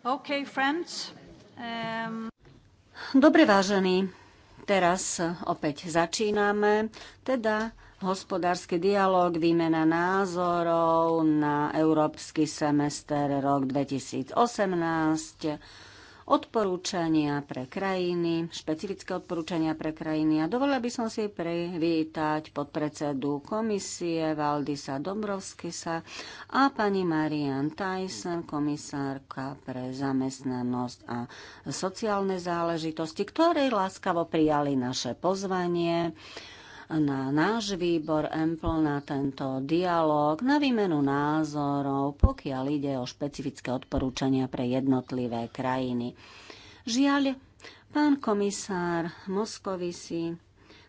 Okay, friends. Um... Dobre vážení, teraz opäť začíname, teda hospodársky dialog, výmena názorov na Európsky semester rok 2018 odporúčania pre krajiny, špecifické odporúčania pre krajiny. A dovolila by som si privítať podpredsedu komisie Valdisa Dombrovskisa a pani Marian Tyson, komisárka pre zamestnanosť a sociálne záležitosti, ktorej láskavo prijali naše pozvanie na náš výbor EMPL, na tento dialog, na výmenu názorov, pokiaľ ide o špecifické odporúčania pre jednotlivé krajiny. Žiaľ, pán komisár Moskovisi,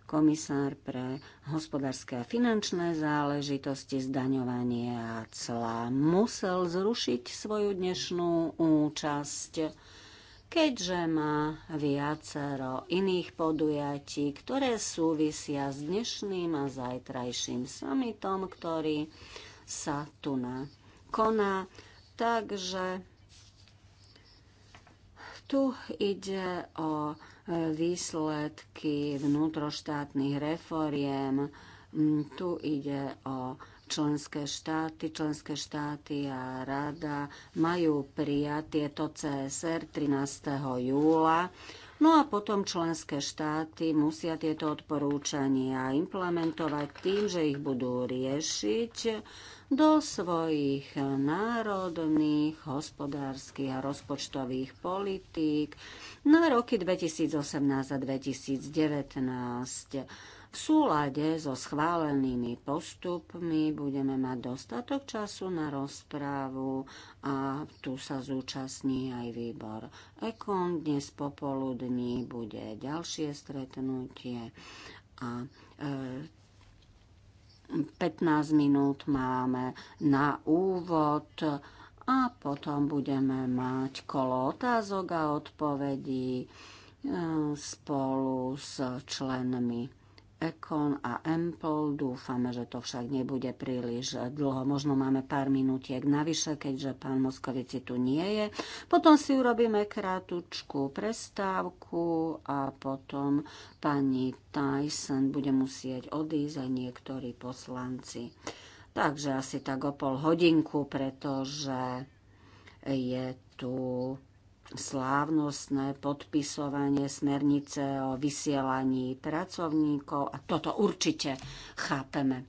komisár pre hospodárske a finančné záležitosti, zdaňovanie a cla, musel zrušiť svoju dnešnú účasť keďže má viacero iných podujatí, ktoré súvisia s dnešným a zajtrajším summitom, ktorý sa tu na koná. Takže tu ide o výsledky vnútroštátnych refóriem, tu ide o členské štáty, členské štáty a rada majú prijať tieto CSR 13. júla. No a potom členské štáty musia tieto odporúčania implementovať tým, že ich budú riešiť do svojich národných, hospodárskych a rozpočtových politík na roky 2018 a 2019. V súlade so schválenými postupmi budeme mať dostatok času na rozprávu a tu sa zúčastní aj výbor Ekon. Dnes popoludní bude ďalšie stretnutie a e, 15 minút máme na úvod a potom budeme mať kolo otázok a odpovedí e, spolu s členmi Ekon a Empol. Dúfame, že to však nebude príliš dlho. Možno máme pár minútiek navyše, keďže pán Moskovici tu nie je. Potom si urobíme krátučku prestávku a potom pani Tyson bude musieť odísť a niektorí poslanci. Takže asi tak o pol hodinku, pretože je tu slávnostné podpisovanie smernice o vysielaní pracovníkov a toto určite chápeme.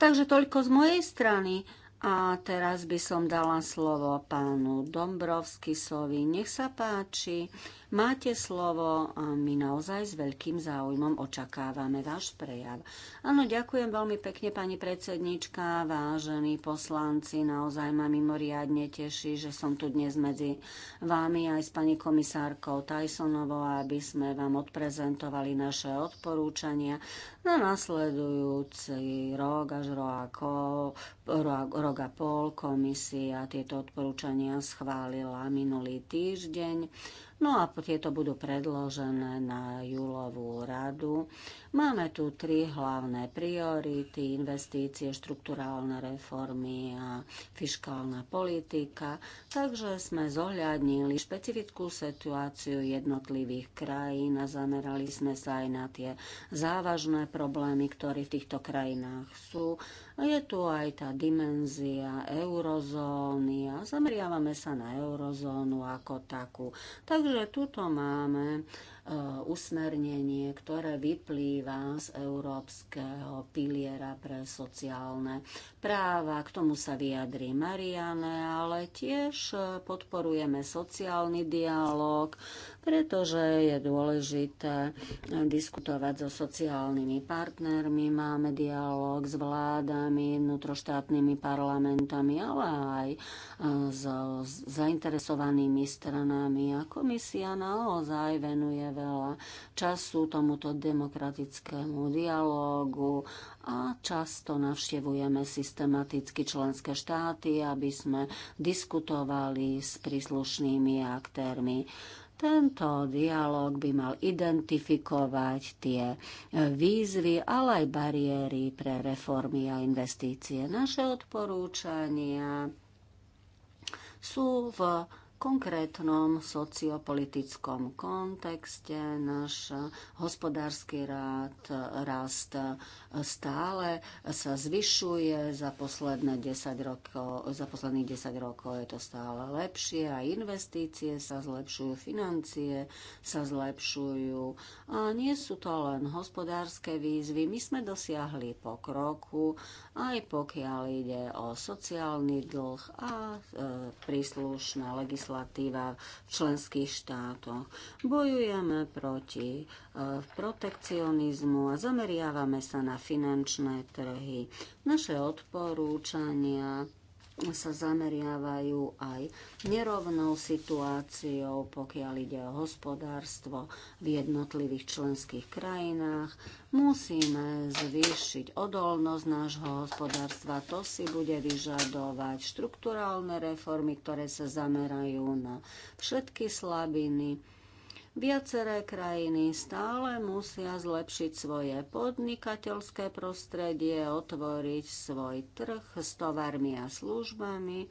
Takže toľko z mojej strany a teraz by som dala slovo pánu Dombrovskisovi. Nech sa páči. Máte slovo my naozaj s veľkým záujmom očakávame váš prejav. Áno, ďakujem veľmi pekne, pani predsednička, vážení poslanci, naozaj ma mimoriadne teší, že som tu dnes medzi vámi aj s pani komisárkou Tysonovou, aby sme vám odprezentovali naše odporúčania na nasledujúci rok až roako, rok a pol komisia tieto odporúčania schválila minulý týždeň No a tieto budú predložené na júlovú radu. Máme tu tri hlavné priority, investície, štrukturálne reformy a fiskálna politika, takže sme zohľadnili špecifickú situáciu jednotlivých krajín a zamerali sme sa aj na tie závažné problémy, ktoré v týchto krajinách sú a je tu aj tá dimenzia eurozóny a zameriavame sa na eurozónu ako takú. Takže tuto máme e, usmernenie, ktoré vyplýva z európskeho piliera pre sociálne práva. K tomu sa vyjadrí Mariane, ale tiež e, podporujeme sociálny dialog pretože je dôležité eh, diskutovať so sociálnymi partnermi, máme dialog s vládami, vnútroštátnymi parlamentami, ale aj eh, so zainteresovanými stranami a komisia naozaj venuje veľa času tomuto demokratickému dialogu a často navštevujeme systematicky členské štáty, aby sme diskutovali s príslušnými aktérmi. Tento dialog by mal identifikovať tie e, výzvy, ale aj bariéry pre reformy a investície. Naše odporúčania sú v konkrétnom sociopolitickom kontexte náš hospodársky rád, rast stále sa zvyšuje za, posledné 10 rokov, za posledných 10 rokov je to stále lepšie a investície sa zlepšujú, financie sa zlepšujú a nie sú to len hospodárske výzvy. My sme dosiahli pokroku aj pokiaľ ide o sociálny dlh a e, príslušná legislatíva legislatíva v členských štátoch. Bojujeme proti e, protekcionizmu a zameriavame sa na finančné trhy. Naše odporúčania sa zameriavajú aj nerovnou situáciou, pokiaľ ide o hospodárstvo v jednotlivých členských krajinách. Musíme zvýšiť odolnosť nášho hospodárstva. To si bude vyžadovať štrukturálne reformy, ktoré sa zamerajú na všetky slabiny Viaceré krajiny stále musia zlepšiť svoje podnikateľské prostredie, otvoriť svoj trh s tovarmi a službami.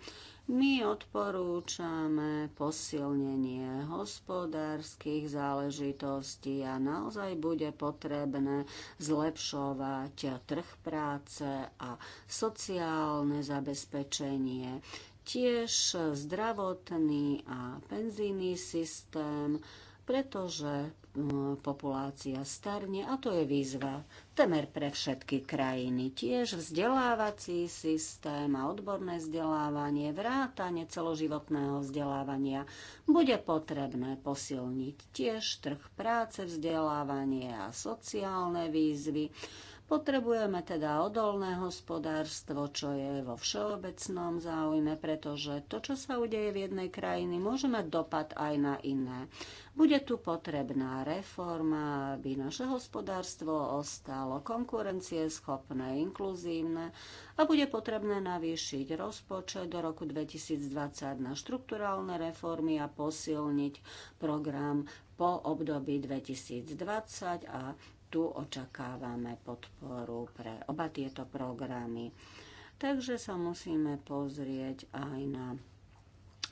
My odporúčame posilnenie hospodárskych záležitostí a naozaj bude potrebné zlepšovať trh práce a sociálne zabezpečenie. Tiež zdravotný a penzijný systém, pretože populácia starne a to je výzva temer pre všetky krajiny. Tiež vzdelávací systém a odborné vzdelávanie, vrátanie celoživotného vzdelávania bude potrebné posilniť tiež trh práce, vzdelávanie a sociálne výzvy Potrebujeme teda odolné hospodárstvo, čo je vo všeobecnom záujme, pretože to, čo sa udeje v jednej krajine, môže mať dopad aj na iné. Bude tu potrebná reforma, aby naše hospodárstvo ostalo konkurencieschopné, inkluzívne a bude potrebné navýšiť rozpočet do roku 2020 na štrukturálne reformy a posilniť program po období 2020 a tu očakávame podporu pre oba tieto programy. Takže sa musíme pozrieť aj na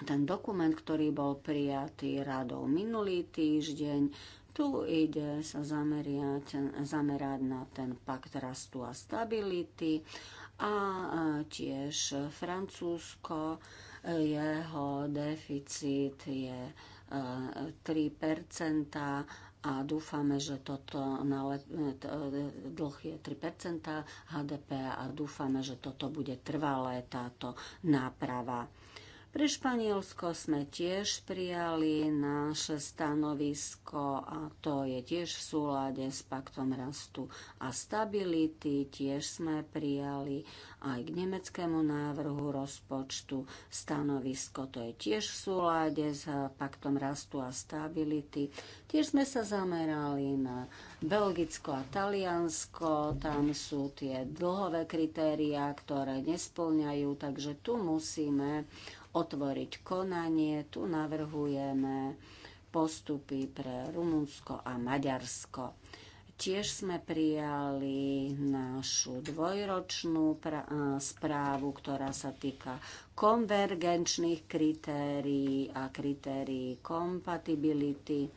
ten dokument, ktorý bol prijatý radou minulý týždeň. Tu ide sa zameriať, zamerať na ten pakt rastu a stability a tiež Francúzsko, jeho deficit je 3 a dúfame, že toto le- dlh je 3 HDP a dúfame, že toto bude trvalé táto náprava. Pre Španielsko sme tiež prijali naše stanovisko a to je tiež v súlade s paktom rastu a stability. Tiež sme prijali aj k nemeckému návrhu rozpočtu stanovisko. To je tiež v súlade s paktom rastu a stability. Tiež sme sa zamerali na Belgicko a Taliansko. Tam sú tie dlhové kritéria, ktoré nesplňajú, takže tu musíme otvoriť konanie. Tu navrhujeme postupy pre Rumunsko a Maďarsko. Tiež sme prijali našu dvojročnú eh, správu, ktorá sa týka konvergenčných kritérií a kritérií kompatibility.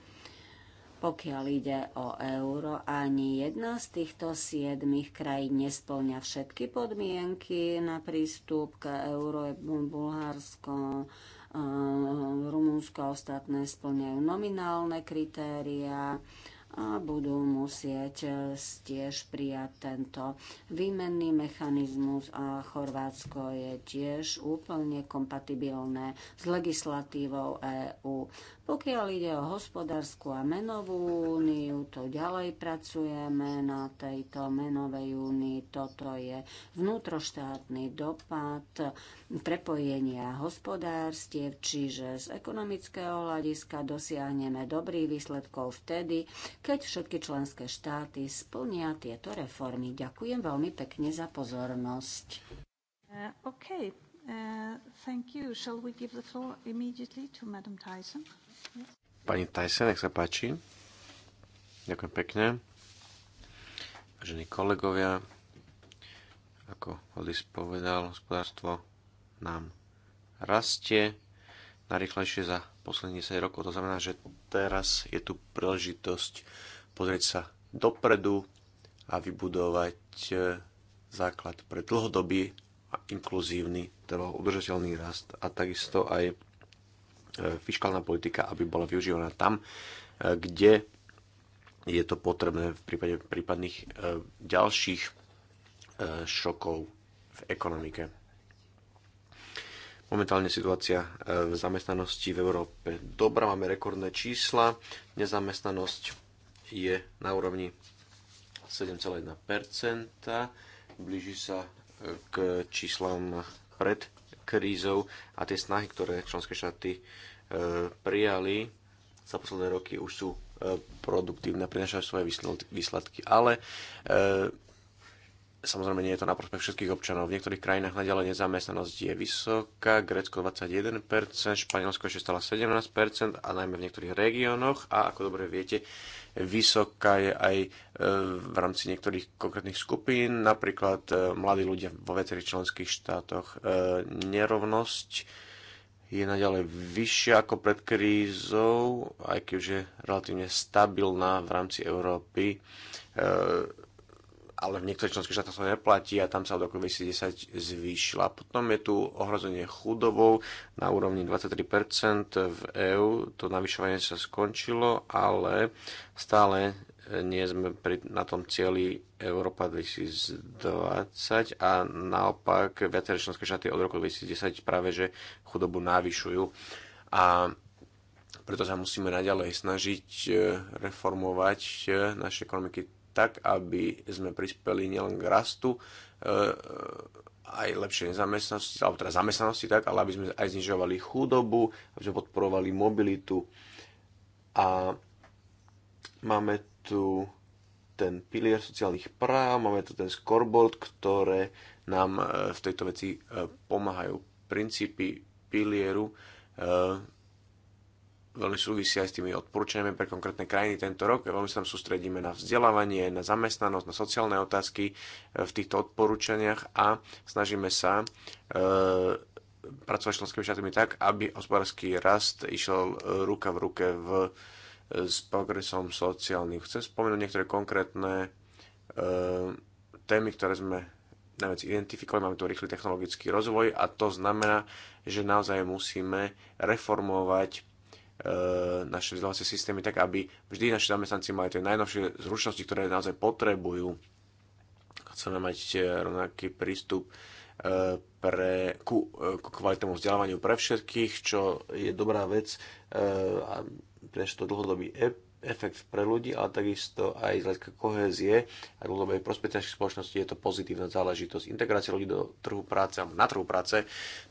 Pokiaľ ide o euro, ani jedna z týchto siedmých krajín nesplňa všetky podmienky na prístup k euro, Bulharsko, eh, Rumunsko a ostatné splňajú nominálne kritéria, a budú musieť e, tiež prijať tento výmenný mechanizmus a Chorvátsko je tiež úplne kompatibilné s legislatívou EÚ. Pokiaľ ide o hospodárskú a menovú úniu, to ďalej pracujeme na tejto menovej únii. Toto je vnútroštátny dopad prepojenia hospodárstiev, čiže z ekonomického hľadiska dosiahneme dobrý výsledkov vtedy, keď všetky členské štáty splnia tieto reformy. Ďakujem veľmi pekne za pozornosť. Uh, uh, thank you. Shall we give the floor immediately to Madam Tyson? Yes. Pani Tyson, nech sa páči. Ďakujem pekne. Vážení kolegovia, ako Hodis povedal, hospodárstvo nám rastie najrychlejšie za posledných 10 rokov. To znamená, že teraz je tu príležitosť pozrieť sa dopredu a vybudovať e, základ pre dlhodobý a inkluzívny, teda udržateľný rast a takisto aj e, fiskálna politika, aby bola využívaná tam, e, kde je to potrebné v prípade prípadných ďalších šokov v ekonomike. Momentálne situácia e, v zamestnanosti v Európe dobrá, máme rekordné čísla, nezamestnanosť je na úrovni 7,1%, blíži sa e, k číslam pred krízou a tie snahy, ktoré členské štáty e, prijali za posledné roky už sú produktívne, prinašajú svoje výsledky. Ale Samozrejme, nie je to na prospech všetkých občanov. V niektorých krajinách naďalej nezamestnanosť je vysoká, Grécko 21%, Španielsko ešte stále 17% a najmä v niektorých regiónoch a ako dobre viete, vysoká je aj e, v rámci niektorých konkrétnych skupín, napríklad e, mladí ľudia vo viacerých členských štátoch. E, nerovnosť je naďalej vyššia ako pred krízou, aj keď už je relatívne stabilná v rámci Európy ale v niektorých členských štátoch to neplatí a tam sa od roku 2010 zvýšila. Potom je tu ohrozenie chudobou na úrovni 23% v EÚ. To navyšovanie sa skončilo, ale stále nie sme pri, na tom cieli Európa 2020 a naopak viaceré členské štáty od roku 2010 práve že chudobu navyšujú. A preto sa musíme naďalej snažiť eh, reformovať eh, naše ekonomiky tak, aby sme prispeli nielen k rastu, e, e, aj lepšej nezamestnanosti, alebo teda zamestnanosti tak, ale aby sme aj znižovali chudobu, aby sme podporovali mobilitu. A máme tu ten pilier sociálnych práv, máme tu ten scoreboard, ktoré nám e, v tejto veci pomáhajú. Princípy pilieru veľmi súvisia aj s tými odporúčaniami pre konkrétne krajiny tento rok. Veľmi sa tam sústredíme na vzdelávanie, na zamestnanosť, na sociálne otázky e, v týchto odporúčaniach a snažíme sa e, pracovať s členskými štátmi tak, aby hospodársky rast išiel ruka v ruke v, e, s progresom sociálnym. Chcem spomenúť niektoré konkrétne e, témy, ktoré sme najviac identifikovali, máme tu rýchly technologický rozvoj a to znamená, že naozaj musíme reformovať E, naše vzdelávacie systémy tak, aby vždy naši zamestnanci mali tie najnovšie zručnosti, ktoré naozaj potrebujú. Chceme mať e, rovnaký prístup e, pre, ku, ku kvalitnému vzdelávaniu pre všetkých, čo je dobrá vec a prečo to dlhodobý EP efekt pre ľudí, ale takisto aj z hľadiska kohézie a dlhodobej prosperity spoločnosti je to pozitívna záležitosť. Integrácia ľudí do trhu práce alebo na trhu práce,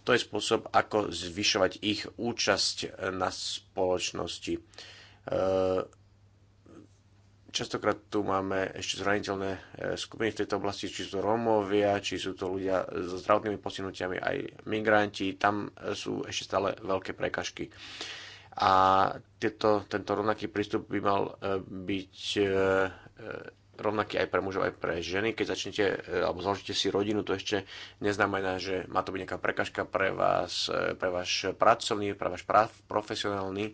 to je spôsob, ako zvyšovať ich účasť na spoločnosti. E, častokrát tu máme ešte zraniteľné e, skupiny v tejto oblasti, či sú to Rómovia, či sú to ľudia so zdravotnými postihnutiami, aj migranti, tam sú ešte stále veľké prekažky a tieto, tento rovnaký prístup by mal e, byť e, e, rovnaký aj pre mužov, aj pre ženy. Keď začnete alebo založíte si rodinu, to ešte neznamená, že má to byť nejaká prekažka pre vás, pre váš pracovný, pre váš profesionálny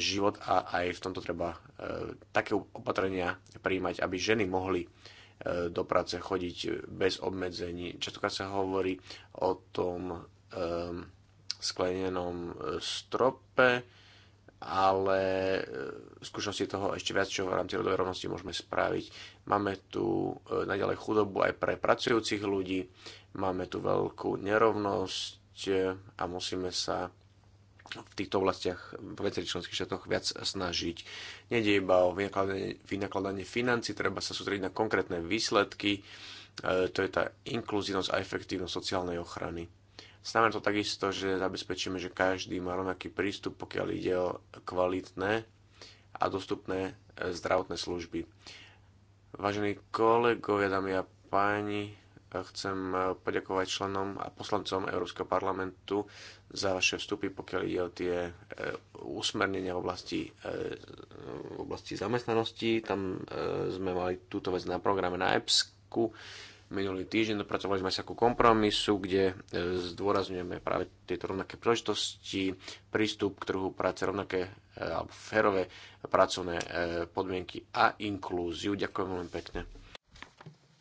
život a aj v tomto treba také opatrenia príjmať, aby ženy mohli do práce chodiť bez obmedzení. Častokrát sa hovorí o tom, um, sklenenom e, strope, ale e, skúšnosti toho ešte viac, čo v rámci rodovej rovnosti môžeme spraviť. Máme tu e, naďalej chudobu aj pre pracujúcich ľudí, máme tu veľkú nerovnosť a musíme sa v týchto oblastiach v viacerých členských štátoch viac snažiť. Nede iba o vynakladanie, vynakladanie financí, treba sa sústrediť na konkrétne výsledky, to je tá inkluzívnosť a efektívnosť sociálnej ochrany. Znamená to takisto, že zabezpečíme, že každý má rovnaký prístup, pokiaľ ide o kvalitné a dostupné e, zdravotné služby. Vážení kolegovia, dámy a páni, e, chcem e, poďakovať členom a poslancom Európskeho parlamentu za vaše vstupy, pokiaľ ide o tie usmernenia v oblasti, v oblasti zamestnanosti. Tam sme mali túto vec na programe na EPSku Minulý týždeň dopracovali sme sa ku kompromisu, kde e, zdôrazňujeme práve tieto rovnaké príležitosti, prístup k trhu práce, rovnaké e, alebo férové pracovné e, podmienky a inklúziu. Ďakujem veľmi pekne.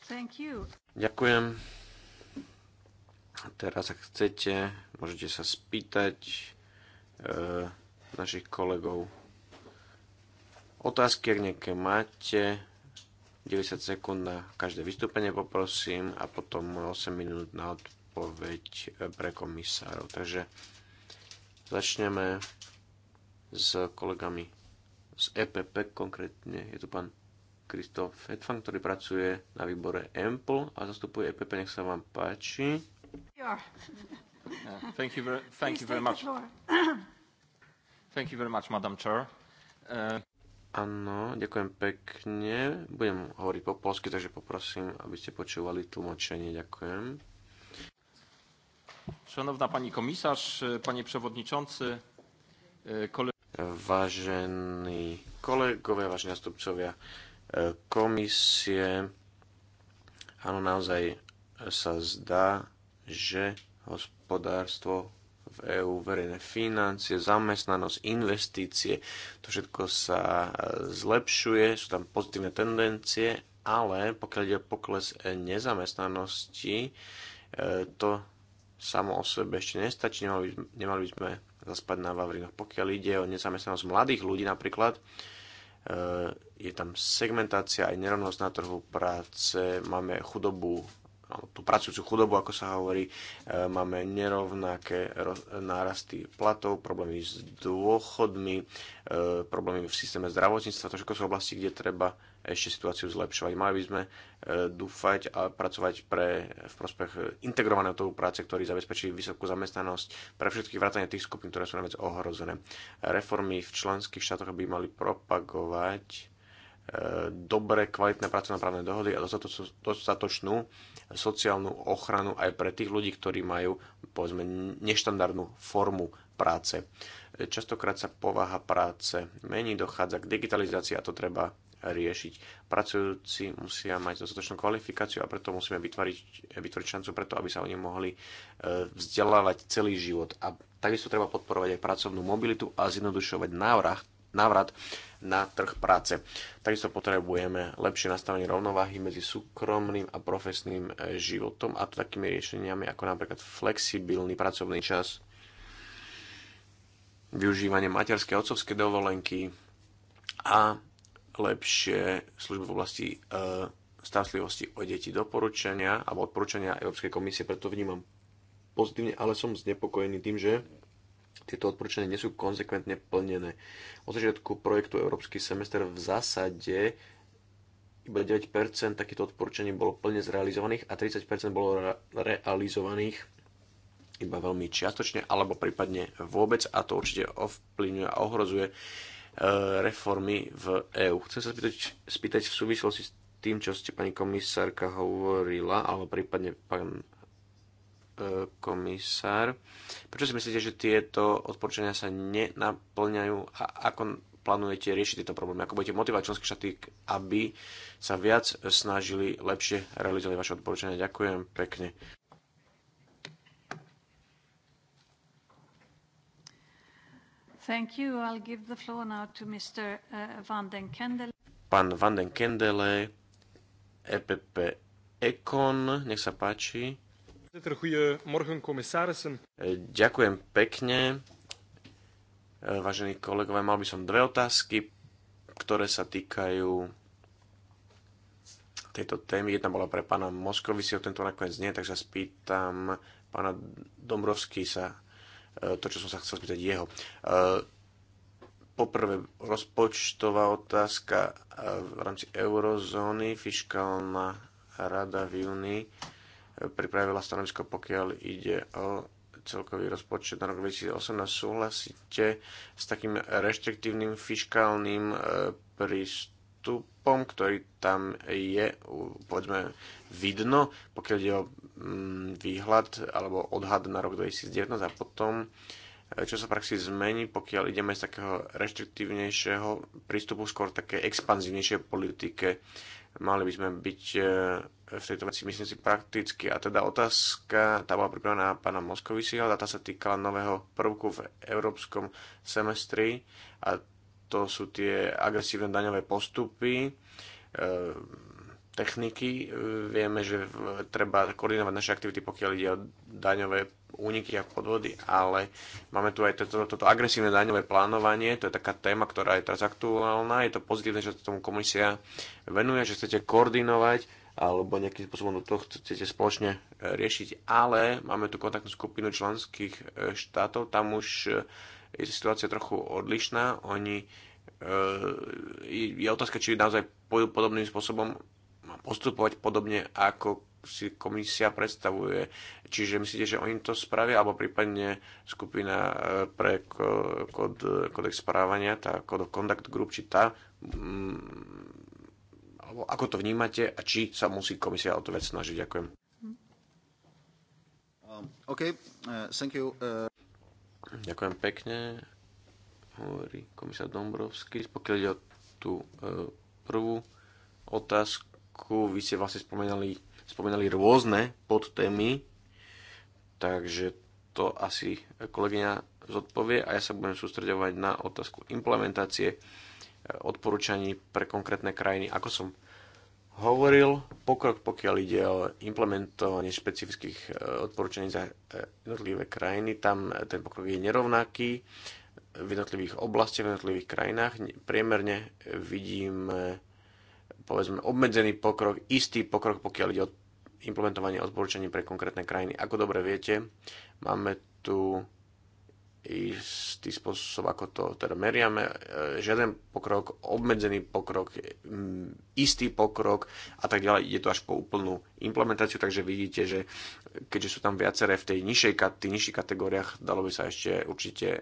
Thank you. Ďakujem. Teraz, ak chcete, môžete sa spýtať e, našich kolegov otázky, ak nejaké máte 90 sekúnd na každé vystúpenie poprosím a potom 8 minút na odpoveď eh, pre komisárov. Takže začneme s kolegami z EPP konkrétne. Je tu pán Kristof Hetfan, ktorý pracuje na výbore EMPL a zastupuje EPP. Nech sa vám páči. Uh, thank you very, much. Thank you very much, Madam Chair. Uh... Áno, ďakujem pekne. Budem hovoriť po polsky, takže poprosím, aby ste počúvali tlmočenie. Ďakujem. Szanowna pani komisarz, panie przewodniczący, e, kole... Vážení kolegovia, vážení nastupcovia e, komisie, áno, naozaj sa zdá, že hospodárstvo v EÚ, verejné financie, zamestnanosť, investície, to všetko sa e, zlepšuje, sú tam pozitívne tendencie, ale pokiaľ ide o pokles e, nezamestnanosti, e, to samo o sebe ešte nestačí, nemali, nemali by sme zaspať na Vavrinoch. Pokiaľ ide o nezamestnanosť mladých ľudí napríklad, je tam segmentácia aj nerovnosť na trhu práce, máme chudobu tú pracujúcu chudobu, ako sa hovorí, e, máme nerovnaké nárasty platov, problémy s dôchodmi, e, problémy v systéme zdravotníctva, to všetko sú oblasti, kde treba ešte situáciu zlepšovať. Mali by sme e, dúfať a pracovať pre, v prospech integrovaného trhu práce, ktorý zabezpečí vysokú zamestnanosť pre všetkých vrátane tých skupín, ktoré sú najviac ohrozené. Reformy v členských štátoch by mali propagovať dobre, kvalitné právne dohody a dostatočnú sociálnu ochranu aj pre tých ľudí, ktorí majú povedzme neštandardnú formu práce. Častokrát sa povaha práce mení, dochádza k digitalizácii a to treba riešiť. Pracujúci musia mať dostatočnú kvalifikáciu a preto musíme vytvoriť, vytvoriť šancu preto, aby sa oni mohli e, vzdelávať celý život. A takisto treba podporovať aj pracovnú mobilitu a zjednodušovať návrh návrat na trh práce. Takisto potrebujeme lepšie nastavenie rovnováhy medzi súkromným a profesným e, životom a to takými riešeniami ako napríklad flexibilný pracovný čas, využívanie materskej a otcovské dovolenky a lepšie služby v oblasti e, starostlivosti o deti doporučenia alebo odporúčania Európskej komisie, preto vnímam pozitívne, ale som znepokojený tým, že tieto odporúčania nie sú konzekventne plnené. Od začiatku projektu Európsky semester v zásade iba 9% takýchto odporúčaní bolo plne zrealizovaných a 30% bolo realizovaných iba veľmi čiastočne alebo prípadne vôbec a to určite ovplyvňuje a ohrozuje e, reformy v EÚ. Chcem sa spýtať, spýtať v súvislosti s tým, čo ste pani komisárka hovorila, alebo prípadne pán komisár. Prečo si myslíte, že tieto odporúčania sa nenaplňajú a ako plánujete riešiť tieto problémy? Ako budete motivovať členské štáty, aby sa viac snažili lepšie realizovať vaše odporúčania? Ďakujem pekne. Thank you. I'll give the floor now to Mr. Uh, Van den Kendele. Pán Van den Kendele, EPP Econ, nech sa páči. Eh, ďakujem pekne. Eh, vážení kolegovia, mal by som dve otázky, ktoré sa týkajú tejto témy. Jedna bola pre pána o tento nakoniec nie, takže spýtam pána Dombrovský sa eh, to, čo som sa chcel spýtať jeho. Poprvé, rozpočtová otázka v rámci eurozóny, fiskálna rada v júni pripravila stanovisko, pokiaľ ide o celkový rozpočet na rok 2018. Súhlasíte s takým reštriktívnym fiskálnym e, prístupom, ktorý tam je, povedzme, vidno, pokiaľ ide o mm, výhľad alebo odhad na rok 2019 a potom e, čo sa v praxi zmení, pokiaľ ideme z takého reštriktívnejšieho prístupu skôr také expanzívnejšej politike. Mali by sme byť e, v tejto veci, myslím si, prakticky. A teda otázka, tá bola pripravená pána Moskovisiho, tá sa týkala nového prvku v európskom semestri a to sú tie agresívne daňové postupy, e, techniky. Vieme, že v, treba koordinovať naše aktivity, pokiaľ ide o daňové úniky a podvody, ale máme tu aj toto, toto agresívne daňové plánovanie, to je taká téma, ktorá je teraz aktuálna, je to pozitívne, že sa tomu komisia venuje, že chcete koordinovať alebo nejakým spôsobom to chcete spoločne e, riešiť. Ale máme tu kontaktnú skupinu členských e, štátov, tam už e, je situácia trochu odlišná. Oni, je otázka, či naozaj pôjdu podobným spôsobom postupovať podobne, ako si komisia predstavuje. Čiže myslíte, že oni to spravia, alebo prípadne skupina pre kód, kódex správania, tá Code of Group, či tá alebo ako to vnímate a či sa musí komisia o to vec snažiť? Ďakujem. Um, okay. uh, you, uh... Ďakujem pekne, hovorí komisár Dombrovský. Pokiaľ ide o tú uh, prvú otázku, vy ste vlastne spomínali, rôzne podtémy, takže to asi kolegyňa zodpovie a ja sa budem sústredovať na otázku implementácie uh, odporúčaní pre konkrétne krajiny. Ako som hovoril, pokrok, pokiaľ ide o implementovanie špecifických e, odporúčaní za e, jednotlivé krajiny, tam ten pokrok je nerovnaký v jednotlivých oblastiach, v jednotlivých krajinách. Priemerne vidíme povedzme obmedzený pokrok, istý pokrok, pokiaľ ide o implementovanie odporúčaní pre konkrétne krajiny. Ako dobre viete, máme tu istý spôsob, ako to teda meriame. E, žiaden pokrok, obmedzený pokrok, istý pokrok a tak ďalej. Ide to až po úplnú implementáciu, takže vidíte, že keďže sú tam viaceré v tej nižšej, tých nižších kategóriách, dalo by sa ešte určite e,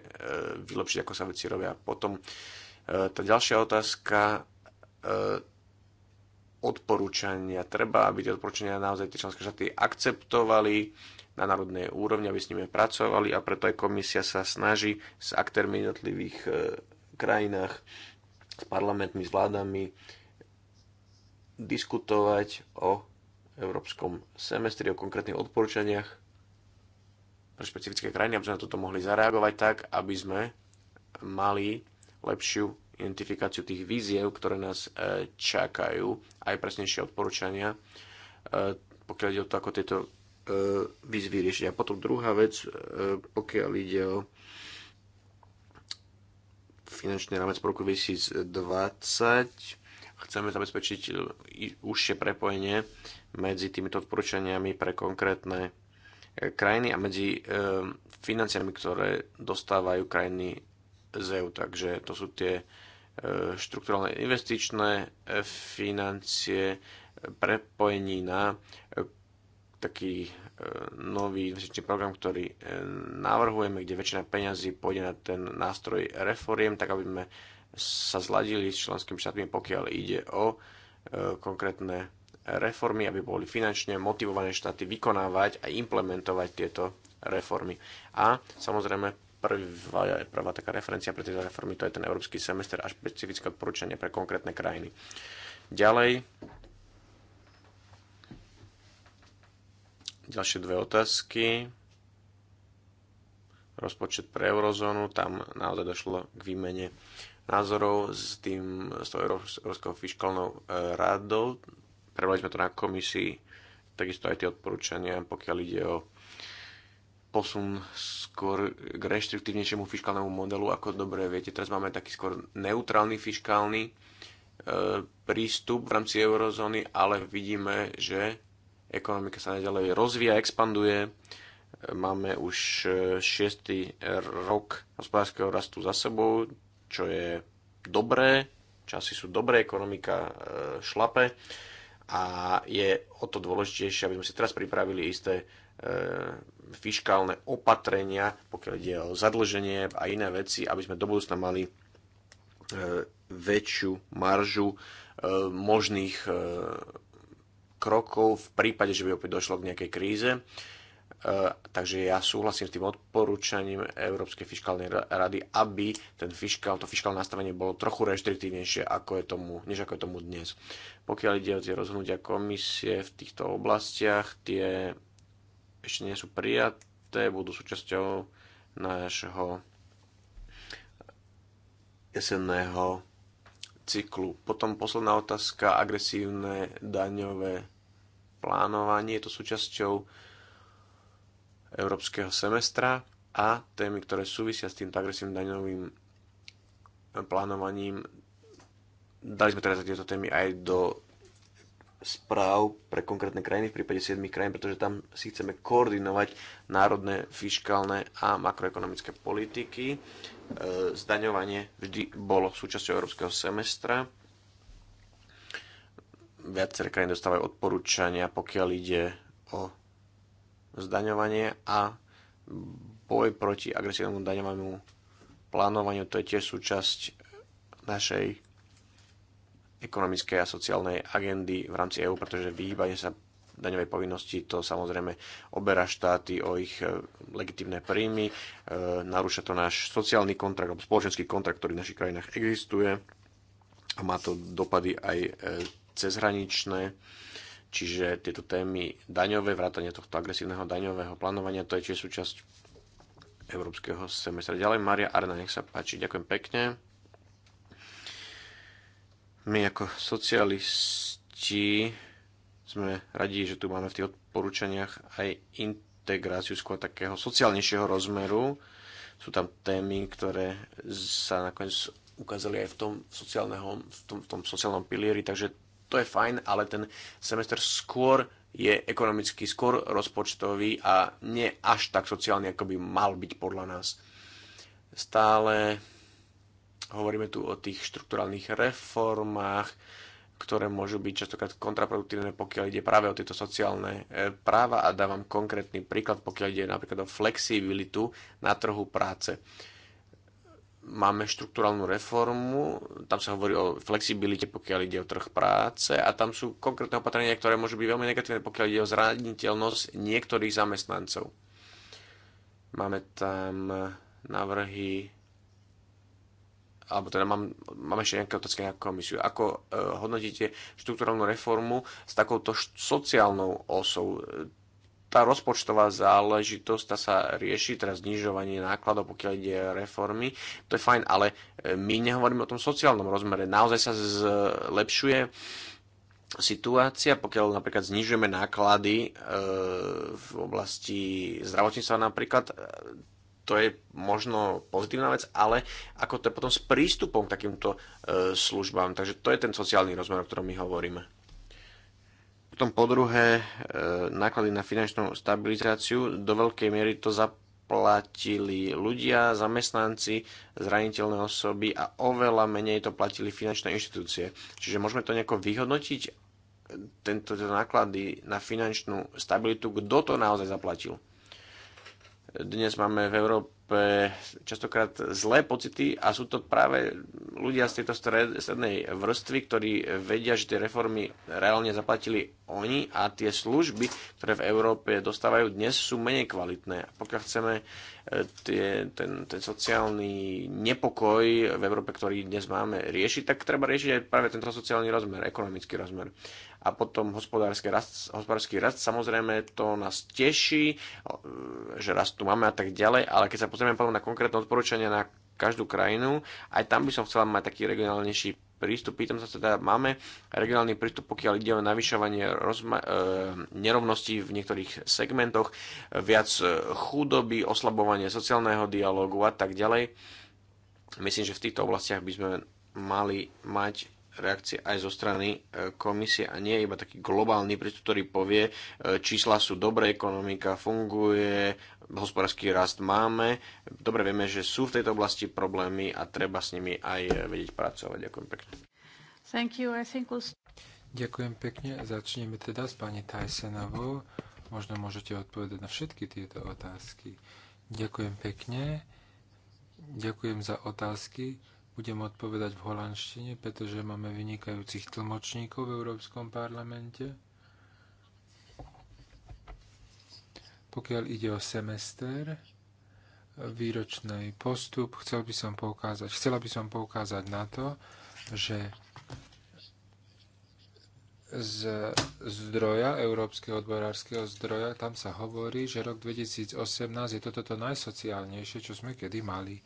vylepšiť, ako sa veci robia. Potom e, tá ďalšia otázka, odporúčania. Treba, aby tie odporúčania naozaj tie členské štáty akceptovali na národnej úrovni, aby s nimi pracovali a preto aj komisia sa snaží s aktérmi jednotlivých e, krajinách, s parlamentmi, s vládami diskutovať o európskom semestri, o konkrétnych odporúčaniach pre špecifické krajiny, aby sme na toto mohli zareagovať tak, aby sme mali lepšiu identifikáciu tých víziev, ktoré nás e, čakajú, aj presnejšie odporúčania, e, pokiaľ ide o to, ako tieto E, výzvy riešiť. A potom druhá vec, e, pokiaľ ide o finančný rámec po roku 2020, chceme zabezpečiť užšie prepojenie medzi týmito odporúčaniami pre konkrétne e, krajiny a medzi financiami, ktoré dostávajú krajiny z EU. Takže to sú tie štruktúralne investičné financie, prepojení na taký e, nový investičný program, ktorý e, navrhujeme, kde väčšina peňazí pôjde na ten nástroj reforiem, tak aby sme sa zladili s členskými štátmi, pokiaľ ide o e, konkrétne reformy, aby boli finančne motivované štáty vykonávať a implementovať tieto reformy. A samozrejme prvá, prvá taká referencia pre tieto reformy to je ten európsky semester a špecifické odporúčania pre konkrétne krajiny. Ďalej, Ďalšie dve otázky. Rozpočet pre eurozónu, tam naozaj došlo k výmene názorov s tým, s tou Európskou fiskálnou e, radou. Prebrali sme to na komisii, takisto aj tie odporúčania, pokiaľ ide o posun skôr k reštriktívnejšiemu fiskálnemu modelu, ako dobre viete. Teraz máme taký skôr neutrálny fiskálny e, prístup v rámci eurozóny, ale vidíme, že Ekonomika sa naďalej rozvíja, expanduje. Máme už e, šiestý rok hospodárskeho rastu za sebou, čo je dobré. Časy sú dobré, ekonomika e, šlape a je o to dôležitejšie, aby sme si teraz pripravili isté e, fiškálne opatrenia, pokiaľ ide o zadlženie a iné veci, aby sme do budúcna mali väčšiu maržu možných krokov v prípade, že by opäť došlo k nejakej kríze. E, takže ja súhlasím s tým odporúčaním Európskej fiskálnej rady, aby ten fiskál, to fiskálne nastavenie bolo trochu reštriktívnejšie, ako je tomu, než ako je tomu dnes. Pokiaľ ide o tie rozhodnutia komisie v týchto oblastiach, tie ešte nie sú prijaté, budú súčasťou nášho jesenného cyklu. Potom posledná otázka, agresívne daňové plánovanie, je to súčasťou európskeho semestra a témy, ktoré súvisia s týmto agresívnym daňovým plánovaním, dali sme teraz tieto témy aj do správ pre konkrétne krajiny v prípade 7 krajín, pretože tam si chceme koordinovať národné, fiškálne a makroekonomické politiky. E, zdaňovanie vždy bolo súčasťou európskeho semestra viaceré krajiny dostávajú odporúčania, pokiaľ ide o zdaňovanie a boj proti agresívnemu daňovému plánovaniu, to je tiež súčasť našej ekonomickej a sociálnej agendy v rámci EÚ, pretože vyhýbanie sa daňovej povinnosti to samozrejme oberá štáty o ich e, legitívne príjmy, e, narúša to náš sociálny kontrakt alebo spoločenský kontrakt, ktorý v našich krajinách existuje a má to dopady aj e, cezhraničné, čiže tieto témy daňové, vrátanie tohto agresívneho daňového plánovania, to je tiež súčasť európskeho semestra. Ďalej Maria Arna, nech sa páči, ďakujem pekne. My ako socialisti sme radi, že tu máme v tých odporúčaniach aj integráciu skôr takého sociálnejšieho rozmeru. Sú tam témy, ktoré sa nakoniec ukázali aj v tom, sociálneho, v tom, v tom sociálnom pilieri, takže to je fajn, ale ten semester skôr je ekonomicky, skôr rozpočtový a nie až tak sociálny, ako by mal byť podľa nás. Stále hovoríme tu o tých štrukturálnych reformách, ktoré môžu byť častokrát kontraproduktívne, pokiaľ ide práve o tieto sociálne e, práva a dávam konkrétny príklad, pokiaľ ide napríklad o flexibilitu na trhu práce máme štruktúralnú reformu, tam sa hovorí o flexibilite, pokiaľ ide o trh práce a tam sú konkrétne opatrenia, ktoré môžu byť veľmi negatívne, pokiaľ ide o zraniteľnosť niektorých zamestnancov. Máme tam návrhy alebo teda mám, mám ešte nejaké otázky na komisiu. Ako e, hodnotíte štruktúralnú reformu s takouto sociálnou osou? tá rozpočtová záležitosť, tá sa rieši, teraz znižovanie nákladov, pokiaľ ide reformy, to je fajn, ale e, my nehovoríme o tom sociálnom rozmere. Naozaj sa zlepšuje situácia, pokiaľ napríklad znižujeme náklady e, v oblasti zdravotníctva napríklad, e, to je možno pozitívna vec, ale ako to je potom s prístupom k takýmto službám. Takže to je ten sociálny rozmer, o ktorom my hovoríme. Potom po druhé, e, náklady na finančnú stabilizáciu do veľkej miery to zaplatili ľudia, zamestnanci, zraniteľné osoby a oveľa menej to platili finančné inštitúcie. Čiže môžeme to nejako vyhodnotiť, tento náklady na finančnú stabilitu, kto to naozaj zaplatil. Dnes máme v Európe častokrát zlé pocity a sú to práve ľudia z tejto strednej vrstvy, ktorí vedia, že tie reformy reálne zaplatili oni a tie služby, ktoré v Európe dostávajú dnes, sú menej kvalitné. A pokiaľ chceme e, tie, ten, ten sociálny nepokoj v Európe, ktorý dnes máme riešiť, tak treba riešiť aj práve tento sociálny rozmer, ekonomický rozmer a potom hospodársky rast, hospodársky rast samozrejme to nás teší, že rast tu máme a tak ďalej, ale keď sa pozrieme potom na konkrétne odporúčania na každú krajinu, aj tam by som chcela mať taký regionálnejší prístup. Pýtam sa teda, máme regionálny prístup, pokiaľ ide o navyšovanie rozma- e, nerovností v niektorých segmentoch, viac e, chudoby, oslabovanie sociálneho dialógu a tak ďalej. Myslím, že v týchto oblastiach by sme mali mať reakcie aj zo strany e, komisie a nie iba taký globálny prístup, ktorý povie, e, čísla sú dobré, ekonomika funguje, hospodársky rast máme. Dobre vieme, že sú v tejto oblasti problémy a treba s nimi aj e, vedieť pracovať. Ďakujem pekne. Thank you. I think we'll... Ďakujem pekne. Začneme teda s pani Tysonovou. Možno môžete odpovedať na všetky tieto otázky. Ďakujem pekne. Ďakujem za otázky budem odpovedať v holandštine, pretože máme vynikajúcich tlmočníkov v Európskom parlamente. Pokiaľ ide o semester, výročný postup, chcel by som poukázať, chcela by som poukázať na to, že z zdroja, Európskeho odborárskeho zdroja, tam sa hovorí, že rok 2018 je toto to najsociálnejšie, čo sme kedy mali.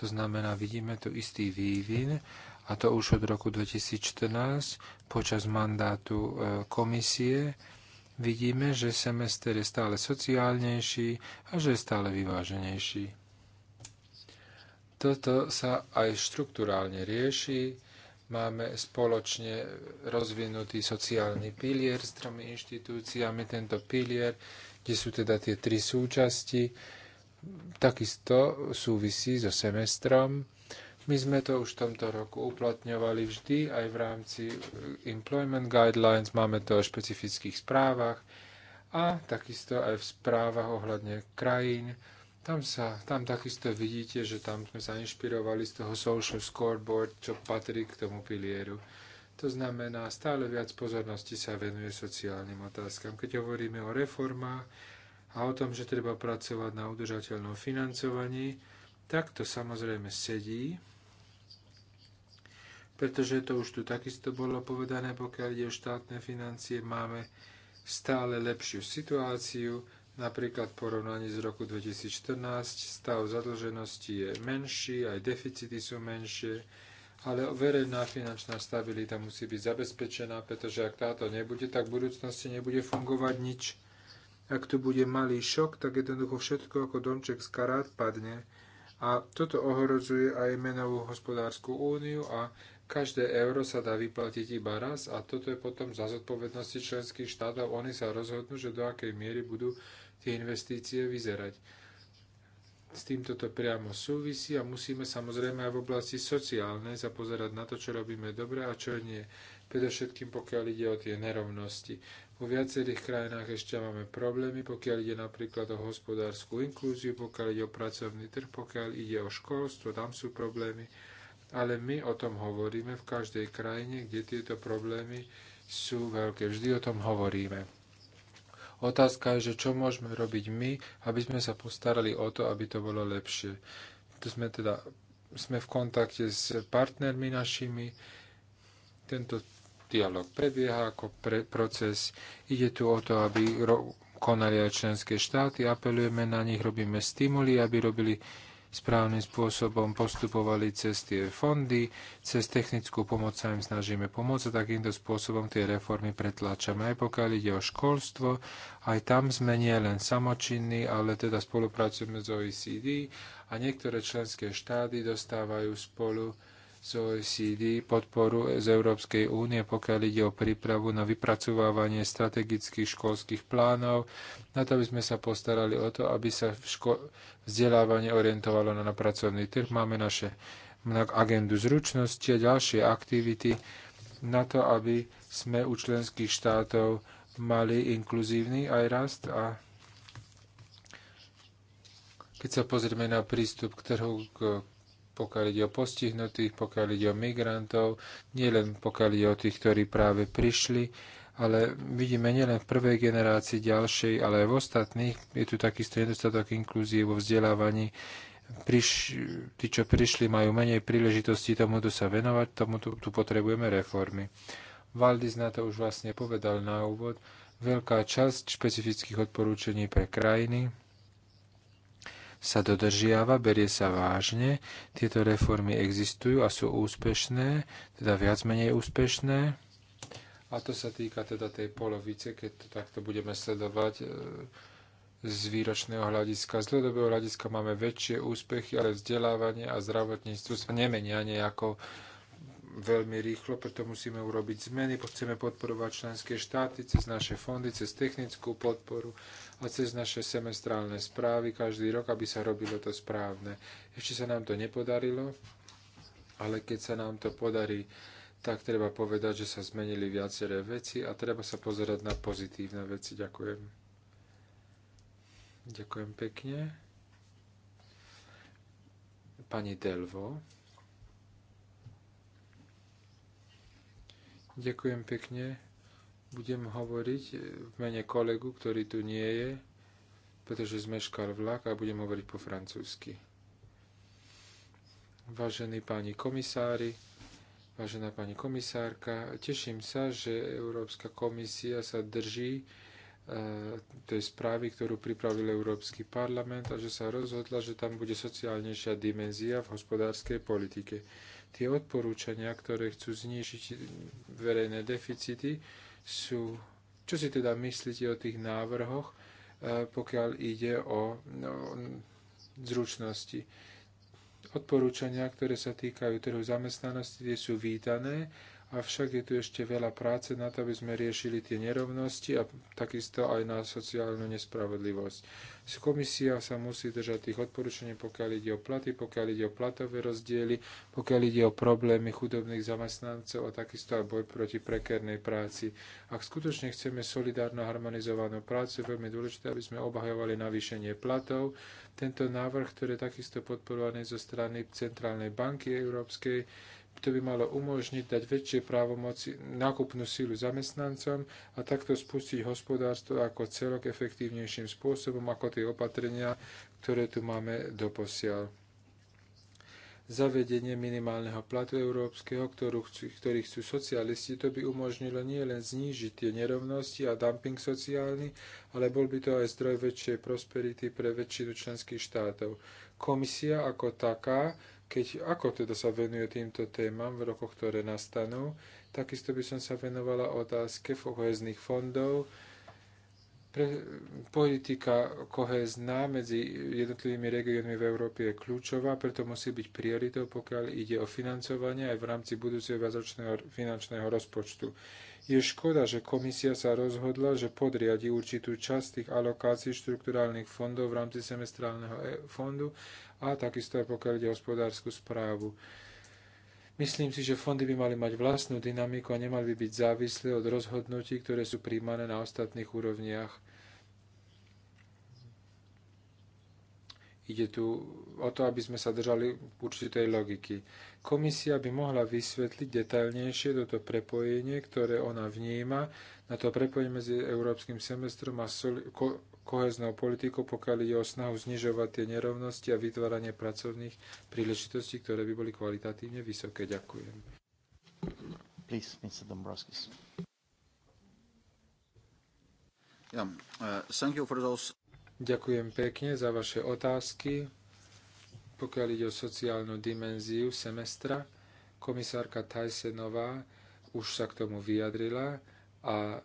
To znamená, vidíme tu istý vývin a to už od roku 2014 počas mandátu e, komisie vidíme, že semester je stále sociálnejší a že je stále vyváženejší. Toto sa aj štruktúrálne rieši. Máme spoločne rozvinutý sociálny pilier s tromi inštitúciami. Tento pilier, kde sú teda tie tri súčasti, takisto súvisí so semestrom. My sme to už v tomto roku uplatňovali vždy aj v rámci eh, Employment Guidelines, máme to o špecifických správach a takisto aj v správach ohľadne krajín. Tam, sa, tam takisto vidíte, že tam sme sa inšpirovali z toho social scoreboard, čo patrí k tomu pilieru. To znamená, stále viac pozornosti sa venuje sociálnym otázkam. Keď hovoríme o reformách, a o tom, že treba pracovať na udržateľnom financovaní, tak to samozrejme sedí, pretože to už tu takisto bolo povedané, pokiaľ ide o štátne financie, máme stále lepšiu situáciu, napríklad v porovnaní z roku 2014 stav zadlženosti je menší, aj deficity sú menšie, ale verejná finančná stabilita musí byť zabezpečená, pretože ak táto nebude, tak v budúcnosti nebude fungovať nič. Ak tu bude malý šok, tak jednoducho všetko ako domček z karát padne. A toto ohrozuje aj menovú hospodárskú úniu a každé euro sa dá vyplatiť iba raz a toto je potom za zodpovednosti členských štátov. Oni sa rozhodnú, že do akej miery budú tie investície vyzerať s týmto to priamo súvisí a musíme samozrejme aj v oblasti sociálnej sa pozerať na to, čo robíme dobre a čo nie. Predovšetkým pokiaľ ide o tie nerovnosti. Vo viacerých krajinách ešte máme problémy, pokiaľ ide napríklad o hospodárskú inklúziu, pokiaľ ide o pracovný trh, pokiaľ ide o školstvo, tam sú problémy. Ale my o tom hovoríme v každej krajine, kde tieto problémy sú veľké. Vždy o tom hovoríme. Otázka je, že čo môžeme robiť my, aby sme sa postarali o to, aby to bolo lepšie. To sme teda sme v kontakte s partnermi našimi. Tento dialog prebieha ako pre, proces. Ide tu o to, aby ro, konali aj členské štáty. Apelujeme na nich, robíme stimuly, aby robili správnym spôsobom postupovali cez tie fondy, cez technickú pomoc sa im snažíme pomôcť a takýmto spôsobom tie reformy pretláčame. Aj pokiaľ ide o školstvo, aj tam sme nie len samočinní, ale teda spolupracujeme s OECD a niektoré členské štáty dostávajú spolu z OECD podporu z Európskej únie, pokiaľ ide o prípravu na vypracovávanie strategických školských plánov, na to, aby sme sa postarali o to, aby sa vzdelávanie orientovalo na, na pracovný trh. Máme naše agendu zručnosti a ďalšie aktivity na to, aby sme u členských štátov mali inkluzívny aj rast a keď sa pozrieme na prístup k trhu, k pokiaľ ide o postihnutých, pokiaľ ide o migrantov, nielen pokiaľ ide o tých, ktorí práve prišli, ale vidíme nielen v prvej generácii, ďalšej, ale aj v ostatných. Je tu takisto nedostatok inklúzie vo vzdelávaní. Priš, tí, čo prišli, majú menej príležitosti tomuto sa venovať, tomuto tu potrebujeme reformy. Valdis na to už vlastne povedal na úvod. Veľká časť špecifických odporúčení pre krajiny, sa dodržiava, berie sa vážne, tieto reformy existujú a sú úspešné, teda viac menej úspešné. A to sa týka teda tej polovice, keď to takto budeme sledovať e, z výročného hľadiska. Z dlhodobého hľadiska máme väčšie úspechy, ale vzdelávanie a zdravotníctvo sa nemenia nejako veľmi rýchlo, preto musíme urobiť zmeny. Chceme podporovať členské štáty cez naše fondy, cez technickú podporu, a cez naše semestrálne správy každý rok, aby sa robilo to správne. Ešte sa nám to nepodarilo, ale keď sa nám to podarí, tak treba povedať, že sa zmenili viaceré veci a treba sa pozerať na pozitívne veci. Ďakujem. Ďakujem pekne. Pani Delvo. Ďakujem pekne. Budem hovoriť e, v mene kolegu, ktorý tu nie je, pretože zmeškal vlak a budem hovoriť po francúzsky. Vážení páni komisári, vážená pani komisárka, teším sa, že Európska komisia sa drží e, tej správy, ktorú pripravil Európsky parlament a že sa rozhodla, že tam bude sociálnejšia dimenzia v hospodárskej politike. Tie odporúčania, ktoré chcú znižiť verejné deficity, sú... Čo si teda myslíte o tých návrhoch, e, pokiaľ ide o no, zručnosti? Odporúčania, ktoré sa týkajú trhu zamestnanosti, tie sú vítané, Avšak je tu ešte veľa práce na to, aby sme riešili tie nerovnosti a takisto aj na sociálnu nespravodlivosť. Komisia sa musí držať tých odporúčaní, pokiaľ ide o platy, pokiaľ ide o platové rozdiely, pokiaľ ide o problémy chudobných zamestnancov a takisto aj boj proti prekernej práci. Ak skutočne chceme solidárnu harmonizovanú prácu, je veľmi dôležité, aby sme obhajovali navýšenie platov. Tento návrh, ktorý je takisto podporovaný zo strany Centrálnej banky Európskej, to by malo umožniť dať väčšie právomoci, nákupnú sílu zamestnancom a takto spustiť hospodárstvo ako celok efektívnejším spôsobom ako tie opatrenia, ktoré tu máme doposiaľ. Zavedenie minimálneho platu európskeho, ktorých sú chcú socialisti, to by umožnilo nielen znížiť tie nerovnosti a dumping sociálny, ale bol by to aj zdroj väčšej prosperity pre väčšinu členských štátov. Komisia ako taká keď ako teda sa venuje týmto témam v rokoch, ktoré nastanú. Takisto by som sa venovala otázke kohezných fondov, pre, politika kohezná medzi jednotlivými regiónmi v Európe je kľúčová, preto musí byť prioritou, pokiaľ ide o financovanie aj v rámci budúceho viacročného finančného rozpočtu. Je škoda, že komisia sa rozhodla, že podriadi určitú časť tých alokácií štrukturálnych fondov v rámci semestrálneho fondu a takisto aj pokiaľ ide hospodárskú správu. Myslím si, že fondy by mali mať vlastnú dynamiku a nemali by byť závislé od rozhodnutí, ktoré sú príjmané na ostatných úrovniach. Ide tu o to, aby sme sa držali určitej logiky. Komisia by mohla vysvetliť detailnejšie toto prepojenie, ktoré ona vníma, na to prepojenie medzi európskym semestrom a koheznou politikou, pokiaľ ide o snahu znižovať tie nerovnosti a vytváranie pracovných príležitostí, ktoré by boli kvalitatívne vysoké. Ďakujem. Please, Mr. Yeah, uh, thank you for those... Ďakujem pekne za vaše otázky. Pokiaľ ide o sociálnu dimenziu semestra, komisárka Tajsenová už sa k tomu vyjadrila a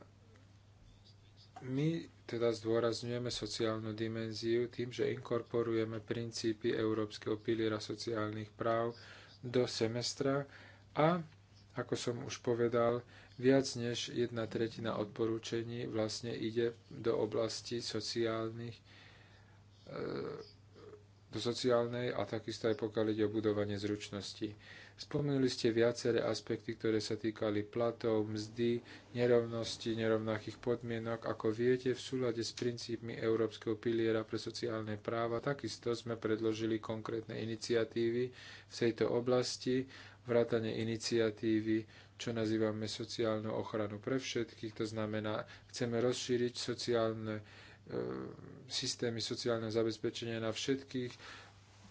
my teda zdôrazňujeme sociálnu dimenziu tým, že inkorporujeme princípy Európskeho piliera sociálnych práv do semestra a, ako som už povedal, viac než jedna tretina odporúčení vlastne ide do oblasti sociálnych e, do sociálnej a takisto aj pokiaľ ide o budovanie zručností. Spomenuli ste viaceré aspekty, ktoré sa týkali platov, mzdy, nerovnosti, nerovnakých podmienok. Ako viete, v súlade s princípmi Európskeho piliera pre sociálne práva takisto sme predložili konkrétne iniciatívy v tejto oblasti, vrátane iniciatívy čo nazývame sociálnu ochranu pre všetkých. To znamená, chceme rozšíriť sociálne e, systémy sociálneho zabezpečenia na všetkých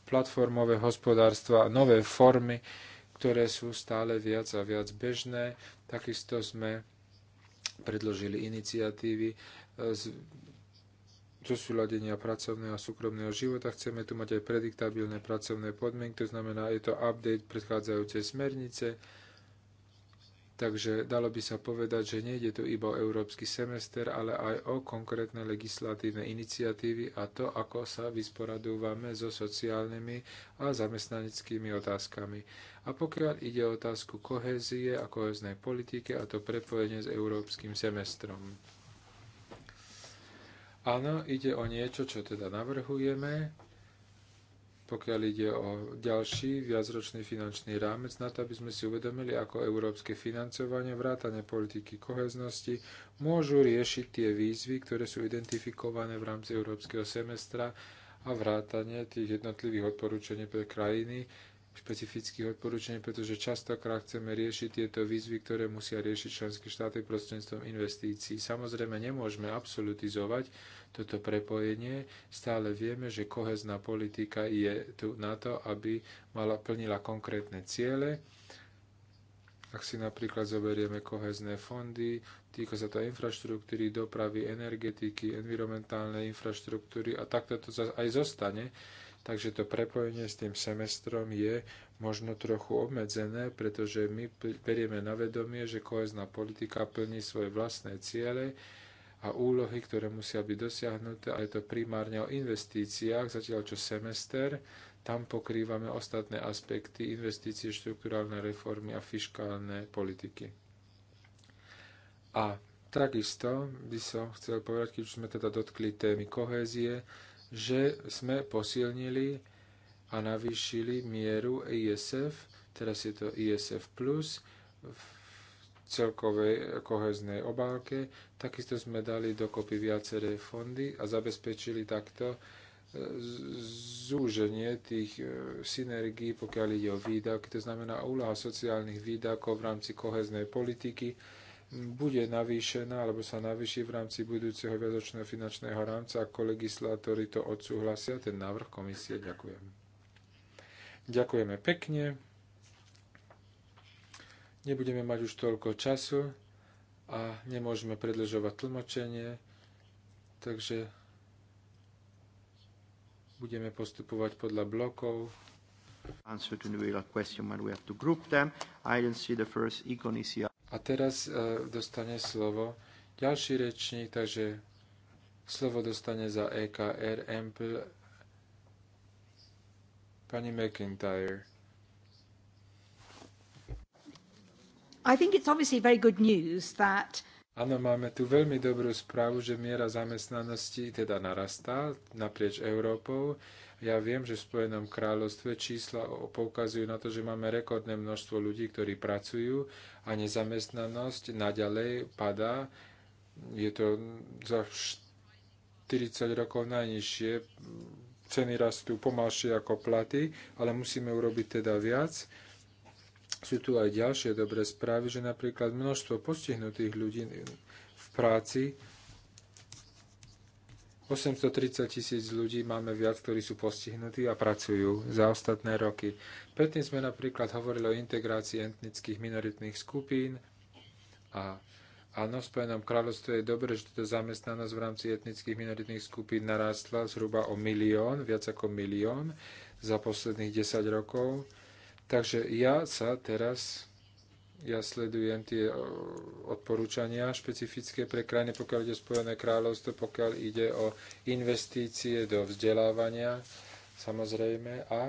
platformové hospodárstva, nové formy, ktoré sú stále viac a viac bežné. Takisto sme predložili iniciatívy e, z zosúladenia pracovného a súkromného života. Chceme tu mať aj prediktabilné pracovné podmienky, to znamená, je to update predchádzajúcej smernice, Takže dalo by sa povedať, že nejde tu iba o európsky semester, ale aj o konkrétne legislatívne iniciatívy a to, ako sa vysporadúvame so sociálnymi a zamestnaneckými otázkami. A pokiaľ ide o otázku kohézie a koheznej politike a to prepojenie s európskym semestrom. Áno, ide o niečo, čo teda navrhujeme, pokiaľ ide o ďalší viacročný finančný rámec, na to, aby sme si uvedomili, ako európske financovanie, vrátane politiky koheznosti môžu riešiť tie výzvy, ktoré sú identifikované v rámci európskeho semestra a vrátane tých jednotlivých odporúčaní pre krajiny špecifických odporúčaní, pretože častokrát chceme riešiť tieto výzvy, ktoré musia riešiť členské štáty prostredníctvom investícií. Samozrejme, nemôžeme absolutizovať toto prepojenie. Stále vieme, že kohezná politika je tu na to, aby mala, plnila konkrétne ciele. Ak si napríklad zoberieme kohezné fondy, týka sa to infraštruktúry, dopravy, energetiky, environmentálnej infraštruktúry a takto to aj zostane takže to prepojenie s tým semestrom je možno trochu obmedzené, pretože my berieme na vedomie, že kohezná politika plní svoje vlastné ciele a úlohy, ktoré musia byť dosiahnuté, a je to primárne o investíciách, zatiaľ čo semester, tam pokrývame ostatné aspekty investície, štruktúrálne reformy a fiškálne politiky. A takisto by som chcel povedať, keď už sme teda dotkli témy kohézie, že sme posilnili a navýšili mieru ISF, teraz je to ISF+, plus, v celkovej koheznej obálke. Takisto sme dali dokopy viaceré fondy a zabezpečili takto e, zúženie tých e, synergií, pokiaľ ide o výdavky, to znamená úloha sociálnych výdavkov v rámci koheznej politiky bude navýšená, alebo sa navýši v rámci budúceho viazočného finančného rámca, ako legislátori to odsúhlasia, ten návrh komisie. Ďakujem. Ďakujeme pekne. Nebudeme mať už toľko času a nemôžeme predlžovať tlmočenie, takže budeme postupovať podľa blokov answer to question when we have to group them. I don't see the first a teraz e, dostane slovo ďalší rečník, takže slovo dostane za EKR Ampl pani McIntyre. I think it's obviously very good news that Áno, máme tu veľmi dobrú správu, že miera zamestnanosti teda narastá naprieč Európou ja viem, že v Spojenom kráľovstve čísla poukazujú na to, že máme rekordné množstvo ľudí, ktorí pracujú a nezamestnanosť naďalej padá. Je to za 40 rokov najnižšie. Ceny rastú pomalšie ako platy, ale musíme urobiť teda viac. Sú tu aj ďalšie dobré správy, že napríklad množstvo postihnutých ľudí v práci 830 tisíc ľudí máme viac, ktorí sú postihnutí a pracujú za ostatné roky. Predtým sme napríklad hovorili o integrácii etnických minoritných skupín a Áno, v Spojenom kráľovstve je dobre, že toto zamestnanosť v rámci etnických minoritných skupín narástla zhruba o milión, viac ako milión za posledných 10 rokov. Takže ja sa teraz ja sledujem tie odporúčania špecifické pre krajiny, pokiaľ ide o Spojené kráľovstvo, pokiaľ ide o investície do vzdelávania, samozrejme, a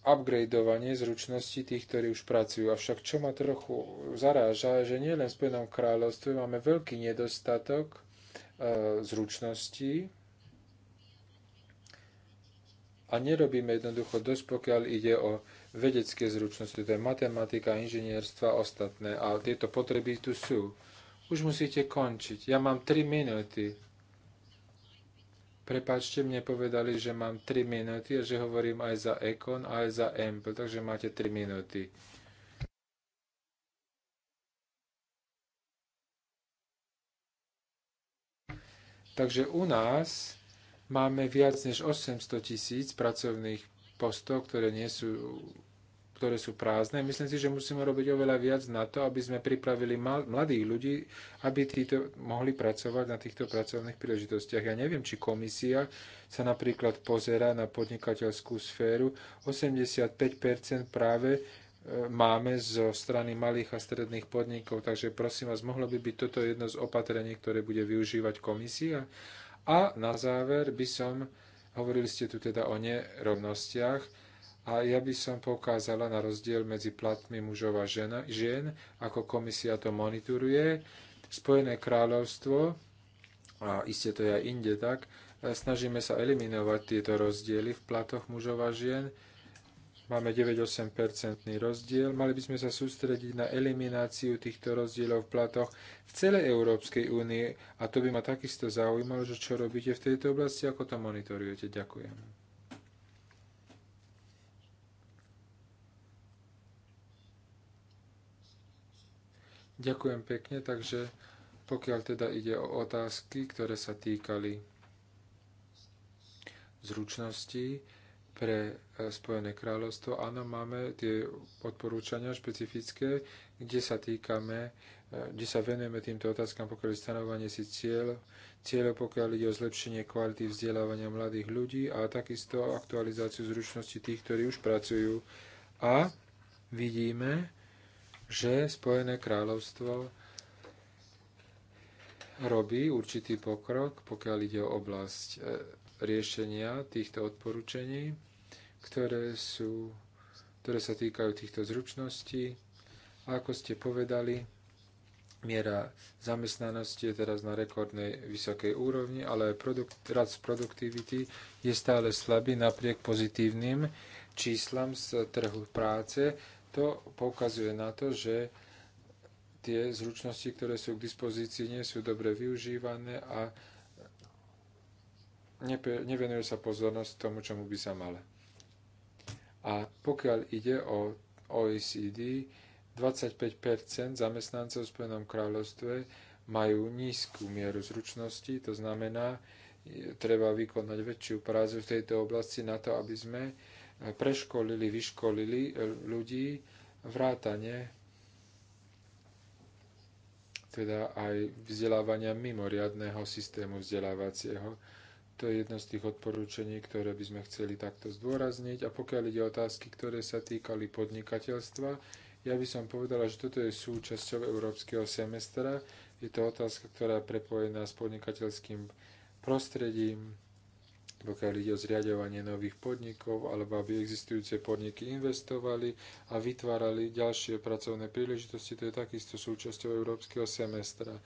upgradeovanie zručnosti tých, ktorí už pracujú. Avšak čo ma trochu zaráža, že nielen v Spojenom kráľovstve máme veľký nedostatok e, zručností, a nerobíme jednoducho dosť, pokiaľ ide o vedecké zručnosti, to je matematika, inžinierstva a ostatné. A tieto potreby tu sú. Už musíte končiť. Ja mám 3 minúty. Prepáčte, mne povedali, že mám 3 minúty a že hovorím aj za Econ, aj za Ample, takže máte 3 minúty. Takže u nás máme viac než 800 tisíc pracovných postov, ktoré, nie sú, ktoré sú prázdne. Myslím si, že musíme robiť oveľa viac na to, aby sme pripravili mladých ľudí, aby títo mohli pracovať na týchto pracovných príležitostiach. Ja neviem, či komisia sa napríklad pozera na podnikateľskú sféru. 85% práve e, máme zo strany malých a stredných podnikov, takže prosím vás, mohlo by byť toto jedno z opatrení, ktoré bude využívať komisia. A na záver by som Hovorili ste tu teda o nerovnostiach a ja by som poukázala na rozdiel medzi platmi mužov a žena, žien, ako komisia to monitoruje. Spojené kráľovstvo, a iste to je aj inde tak, e, snažíme sa eliminovať tieto rozdiely v platoch mužov a žien, máme 98% rozdiel. Mali by sme sa sústrediť na elimináciu týchto rozdielov v platoch v celej Európskej únie a to by ma takisto zaujímalo, že čo robíte v tejto oblasti, ako to monitorujete. Ďakujem. Ďakujem pekne, takže pokiaľ teda ide o otázky, ktoré sa týkali zručností, pre e, Spojené kráľovstvo. Áno, máme tie odporúčania špecifické, kde sa týkame, e, kde sa venujeme týmto otázkam, pokiaľ stanovanie si cieľ, cieľov, pokiaľ ide o zlepšenie kvality vzdelávania mladých ľudí a takisto aktualizáciu zručnosti tých, ktorí už pracujú. A vidíme, že Spojené kráľovstvo robí určitý pokrok, pokiaľ ide o oblasť e, riešenia týchto odporúčení ktoré, sú, ktoré sa týkajú týchto zručností. A ako ste povedali, miera zamestnanosti je teraz na rekordnej vysokej úrovni, ale produkt, rast produktivity je stále slabý napriek pozitívnym číslam z trhu práce. To poukazuje na to, že tie zručnosti, ktoré sú k dispozícii, nie sú dobre využívané a nevenuje sa pozornosť tomu, čomu by sa mala. A pokiaľ ide o OECD, 25 zamestnancov v Spojenom kráľovstve majú nízku mieru zručnosti, to znamená, treba vykonať väčšiu prácu v tejto oblasti na to, aby sme preškolili, vyškolili ľudí vrátane teda aj vzdelávania mimoriadného systému vzdelávacieho to je jedno z tých odporúčení, ktoré by sme chceli takto zdôrazniť. A pokiaľ ide otázky, ktoré sa týkali podnikateľstva, ja by som povedala, že toto je súčasťou európskeho semestra. Je to otázka, ktorá je prepojená s podnikateľským prostredím, pokiaľ ide o zriadovanie nových podnikov, alebo aby existujúce podniky investovali a vytvárali ďalšie pracovné príležitosti, to je takisto súčasťou európskeho semestra.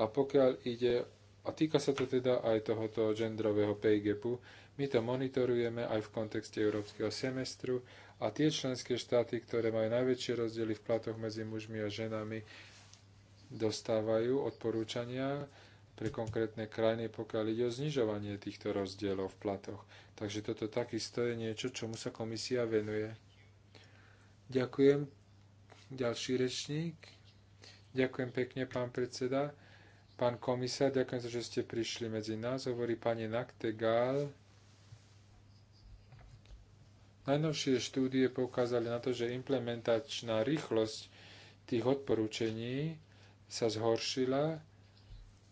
A pokiaľ ide a týka sa to teda aj tohoto genderového pay gapu. My to monitorujeme aj v kontexte európskeho semestru a tie členské štáty, ktoré majú najväčšie rozdiely v platoch medzi mužmi a ženami, dostávajú odporúčania pre konkrétne krajiny, pokiaľ ide o znižovanie týchto rozdielov v platoch. Takže toto takisto je niečo, čomu sa komisia venuje. Ďakujem. Ďalší rečník. Ďakujem pekne, pán predseda. Pán komisár, ďakujem za, že ste prišli medzi nás. Hovorí pani Naktegal. Najnovšie štúdie poukázali na to, že implementačná rýchlosť tých odporúčení sa zhoršila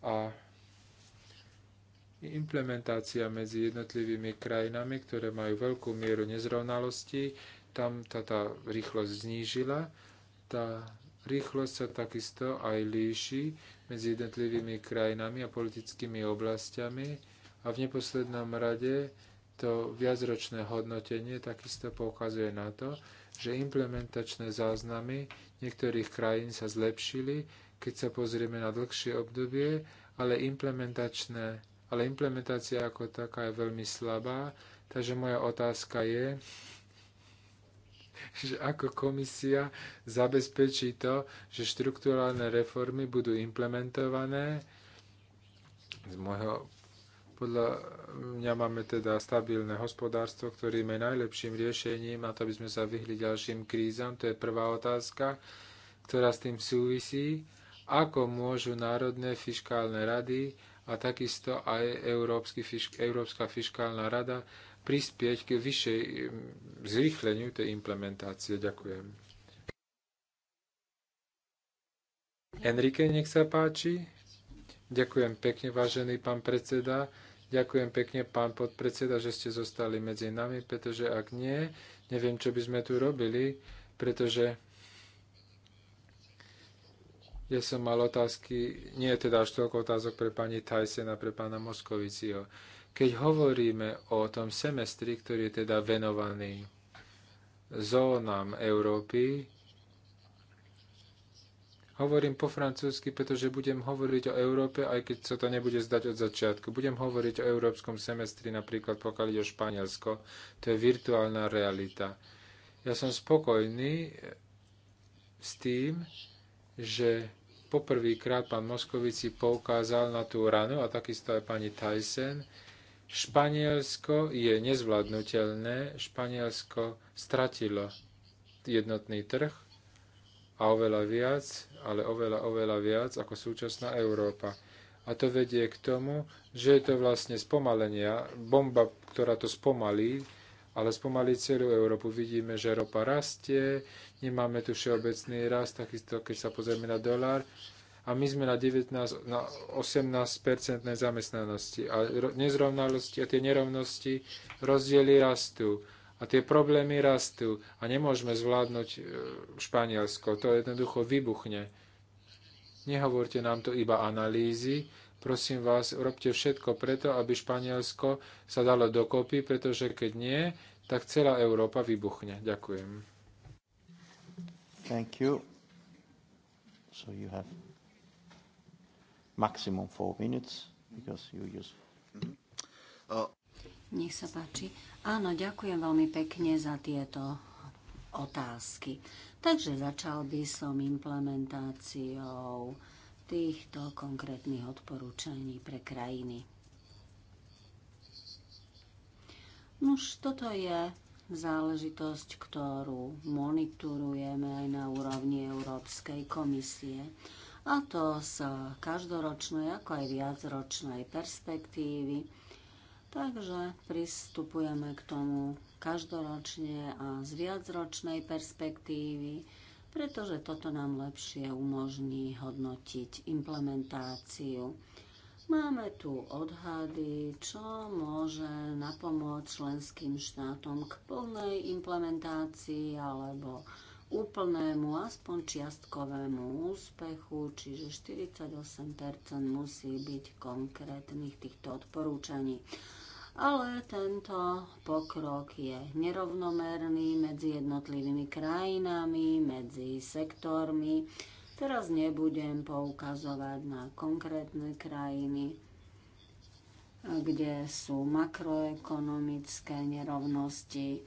a implementácia medzi jednotlivými krajinami, ktoré majú veľkú mieru nezrovnalosti, tam tá, tá rýchlosť znížila. Tá Rýchlosť sa takisto aj líši medzi jednotlivými krajinami a politickými oblastiami a v neposlednom rade to viacročné hodnotenie takisto poukazuje na to, že implementačné záznamy niektorých krajín sa zlepšili, keď sa pozrieme na dlhšie obdobie, ale, implementačné, ale implementácia ako taká je veľmi slabá. Takže moja otázka je, že ako komisia zabezpečí to, že štruktúrálne reformy budú implementované. Z môjho podľa mňa máme teda stabilné hospodárstvo, ktorým je najlepším riešením a to by sme sa vyhli ďalším krízam. To je prvá otázka, ktorá s tým súvisí. Ako môžu národné fiskálne rady a takisto aj Európsky, Európska fiskálna rada prispieť k vyššej zrýchleniu tej implementácie. Ďakujem. Enrique, nech sa páči. Ďakujem pekne, vážený pán predseda. Ďakujem pekne, pán podpredseda, že ste zostali medzi nami, pretože ak nie, neviem, čo by sme tu robili, pretože ja som mal otázky, nie je teda až toľko otázok pre pani Tyson a pre pána Moskoviciho. Keď hovoríme o tom semestri, ktorý je teda venovaný zónam Európy, Hovorím po francúzsky, pretože budem hovoriť o Európe, aj keď sa to nebude zdať od začiatku. Budem hovoriť o európskom semestri, napríklad pokiaľ ide o Španielsko. To je virtuálna realita. Ja som spokojný s tým, že poprvýkrát pán Moskovici poukázal na tú ranu a takisto aj pani Tyson, Španielsko je nezvládnutelné. Španielsko stratilo jednotný trh a oveľa viac, ale oveľa, oveľa viac ako súčasná Európa. A to vedie k tomu, že je to vlastne spomalenia, bomba, ktorá to spomalí, ale spomalí celú Európu. Vidíme, že ropa rastie, nemáme tu všeobecný rast, takisto keď sa pozrieme na dolár, a my sme na 19, na 18 zamestnanosti. A nezrovnalosti a tie nerovnosti, rozdiely rastú a tie problémy rastú a nemôžeme zvládnuť e, Španielsko. To jednoducho vybuchne. Nehovorte nám to iba analýzy, prosím vás, robte všetko preto, aby Španielsko sa dalo dokopy, pretože keď nie, tak celá Európa vybuchne. Ďakujem. Thank you. So you have maximum four minutes because you use. Mm-hmm. Nech sa páči. Áno, ďakujem veľmi pekne za tieto otázky. Takže začal by som implementáciou týchto konkrétnych odporúčaní pre krajiny. Nuž, toto je záležitosť, ktorú monitorujeme aj na úrovni Európskej komisie a to z každoročnej ako aj viacročnej perspektívy. Takže pristupujeme k tomu každoročne a z viacročnej perspektívy, pretože toto nám lepšie umožní hodnotiť implementáciu. Máme tu odhady, čo môže napomôcť členským štátom k plnej implementácii alebo úplnému, aspoň čiastkovému úspechu, čiže 48% musí byť konkrétnych týchto odporúčaní. Ale tento pokrok je nerovnomerný medzi jednotlivými krajinami, medzi sektormi. Teraz nebudem poukazovať na konkrétne krajiny, kde sú makroekonomické nerovnosti,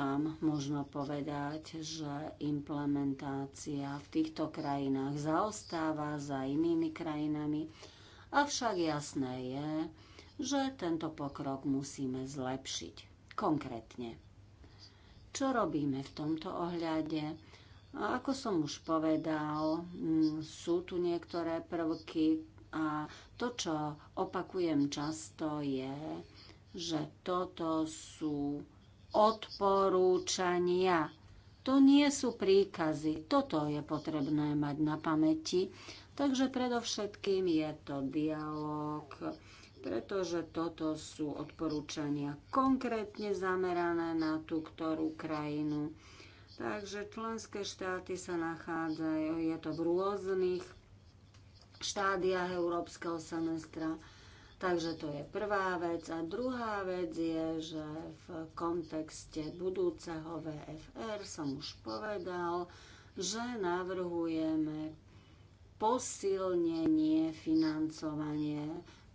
tam možno povedať, že implementácia v týchto krajinách zaostáva za inými krajinami, avšak jasné je, že tento pokrok musíme zlepšiť. Konkrétne, čo robíme v tomto ohľade? A ako som už povedal, mm, sú tu niektoré prvky a to, čo opakujem často, je, že toto sú odporúčania. To nie sú príkazy. Toto je potrebné mať na pamäti. Takže predovšetkým je to dialog, pretože toto sú odporúčania konkrétne zamerané na tú ktorú krajinu. Takže členské štáty sa nachádzajú, je to v rôznych štádiách európskeho semestra Takže to je prvá vec. A druhá vec je, že v kontexte budúceho VFR som už povedal, že navrhujeme posilnenie financovanie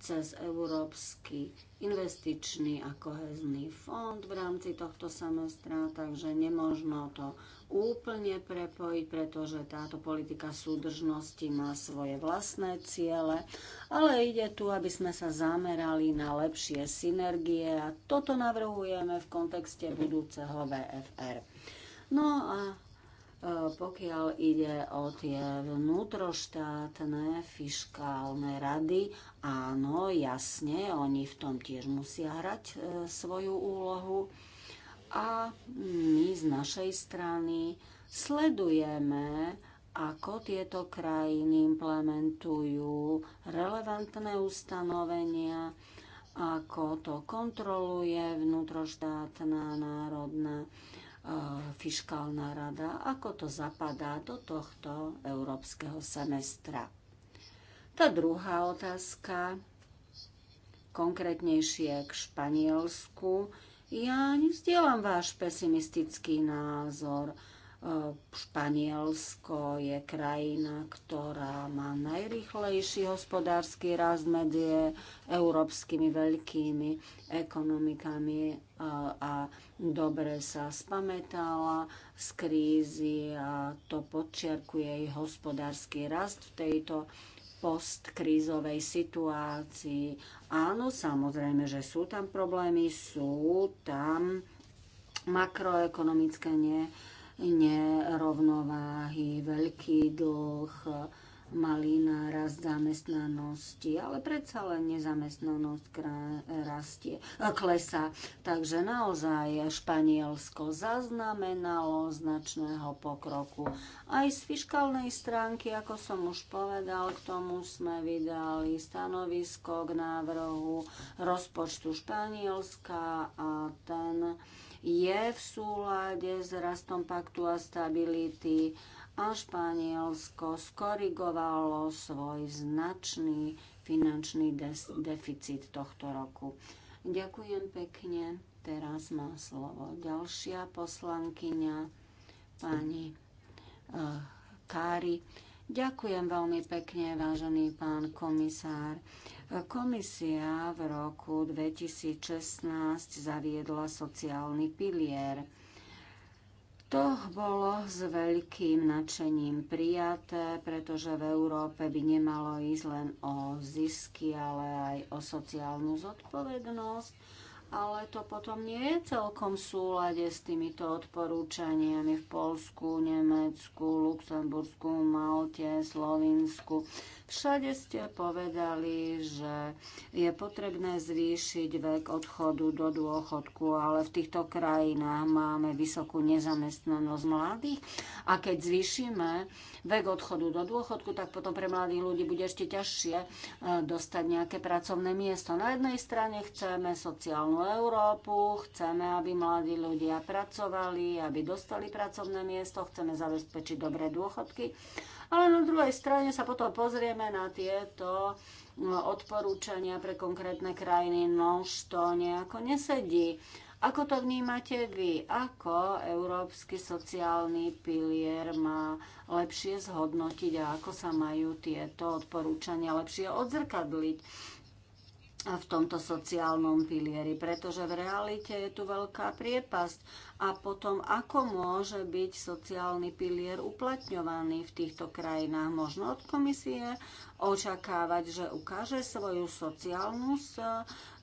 cez Európsky investičný a kohezný fond v rámci tohto semestra, takže nemožno to úplne prepojiť, pretože táto politika súdržnosti má svoje vlastné ciele, ale ide tu, aby sme sa zamerali na lepšie synergie a toto navrhujeme v kontexte budúceho VFR. No a E, pokiaľ ide o tie vnútroštátne fiškálne rady, áno, jasne, oni v tom tiež musia hrať e, svoju úlohu. A my z našej strany sledujeme, ako tieto krajiny implementujú relevantné ustanovenia, ako to kontroluje vnútroštátna národná E, fiskálna rada, ako to zapadá do tohto európskeho semestra. Tá druhá otázka, konkrétnejšie k Španielsku. Ja nezdielam váš pesimistický názor Eh, Španielsko je krajina, ktorá má najrychlejší hospodársky rast medzi európskymi veľkými ekonomikami eh, a dobre sa spametala z krízy a to podčiarkuje jej hospodársky rast v tejto postkrízovej situácii. Áno, samozrejme, že sú tam problémy, sú tam makroekonomické nie nerovnováhy, veľký dlh, malý nárast zamestnanosti, ale predsa len nezamestnanosť rastie, e, klesa. Takže naozaj Španielsko zaznamenalo značného pokroku. Aj z fiškálnej stránky, ako som už povedal, k tomu sme vydali stanovisko k návrhu rozpočtu Španielska a ten je v súlade s rastom paktu a stability a Španielsko skorigovalo svoj značný finančný deficit tohto roku. Ďakujem pekne. Teraz má slovo ďalšia poslankyňa, pani eh, Kári. Ďakujem veľmi pekne, vážený pán komisár. Komisia v roku 2016 zaviedla sociálny pilier. To bolo s veľkým nadšením prijaté, pretože v Európe by nemalo ísť len o zisky, ale aj o sociálnu zodpovednosť ale to potom nie je celkom v súlade s týmito odporúčaniami v Polsku, Nemecku, Luxembursku, Malte, Slovinsku. Všade ste povedali, že je potrebné zvýšiť vek odchodu do dôchodku, ale v týchto krajinách máme vysokú nezamestnanosť mladých a keď zvýšime vek odchodu do dôchodku, tak potom pre mladých ľudí bude ešte ťažšie eh, dostať nejaké pracovné miesto. Na jednej strane chceme sociálnu sociálnu Európu, chceme, aby mladí ľudia pracovali, aby dostali pracovné miesto, chceme zabezpečiť dobré dôchodky. Ale na druhej strane sa potom pozrieme na tieto no, odporúčania pre konkrétne krajiny, no už to nejako nesedí. Ako to vnímate vy? Ako európsky sociálny pilier má lepšie zhodnotiť a ako sa majú tieto odporúčania lepšie odzrkadliť? v tomto sociálnom pilieri, pretože v realite je tu veľká priepasť. A potom, ako môže byť sociálny pilier uplatňovaný v týchto krajinách? Možno od komisie očakávať, že ukáže svoju sociálnu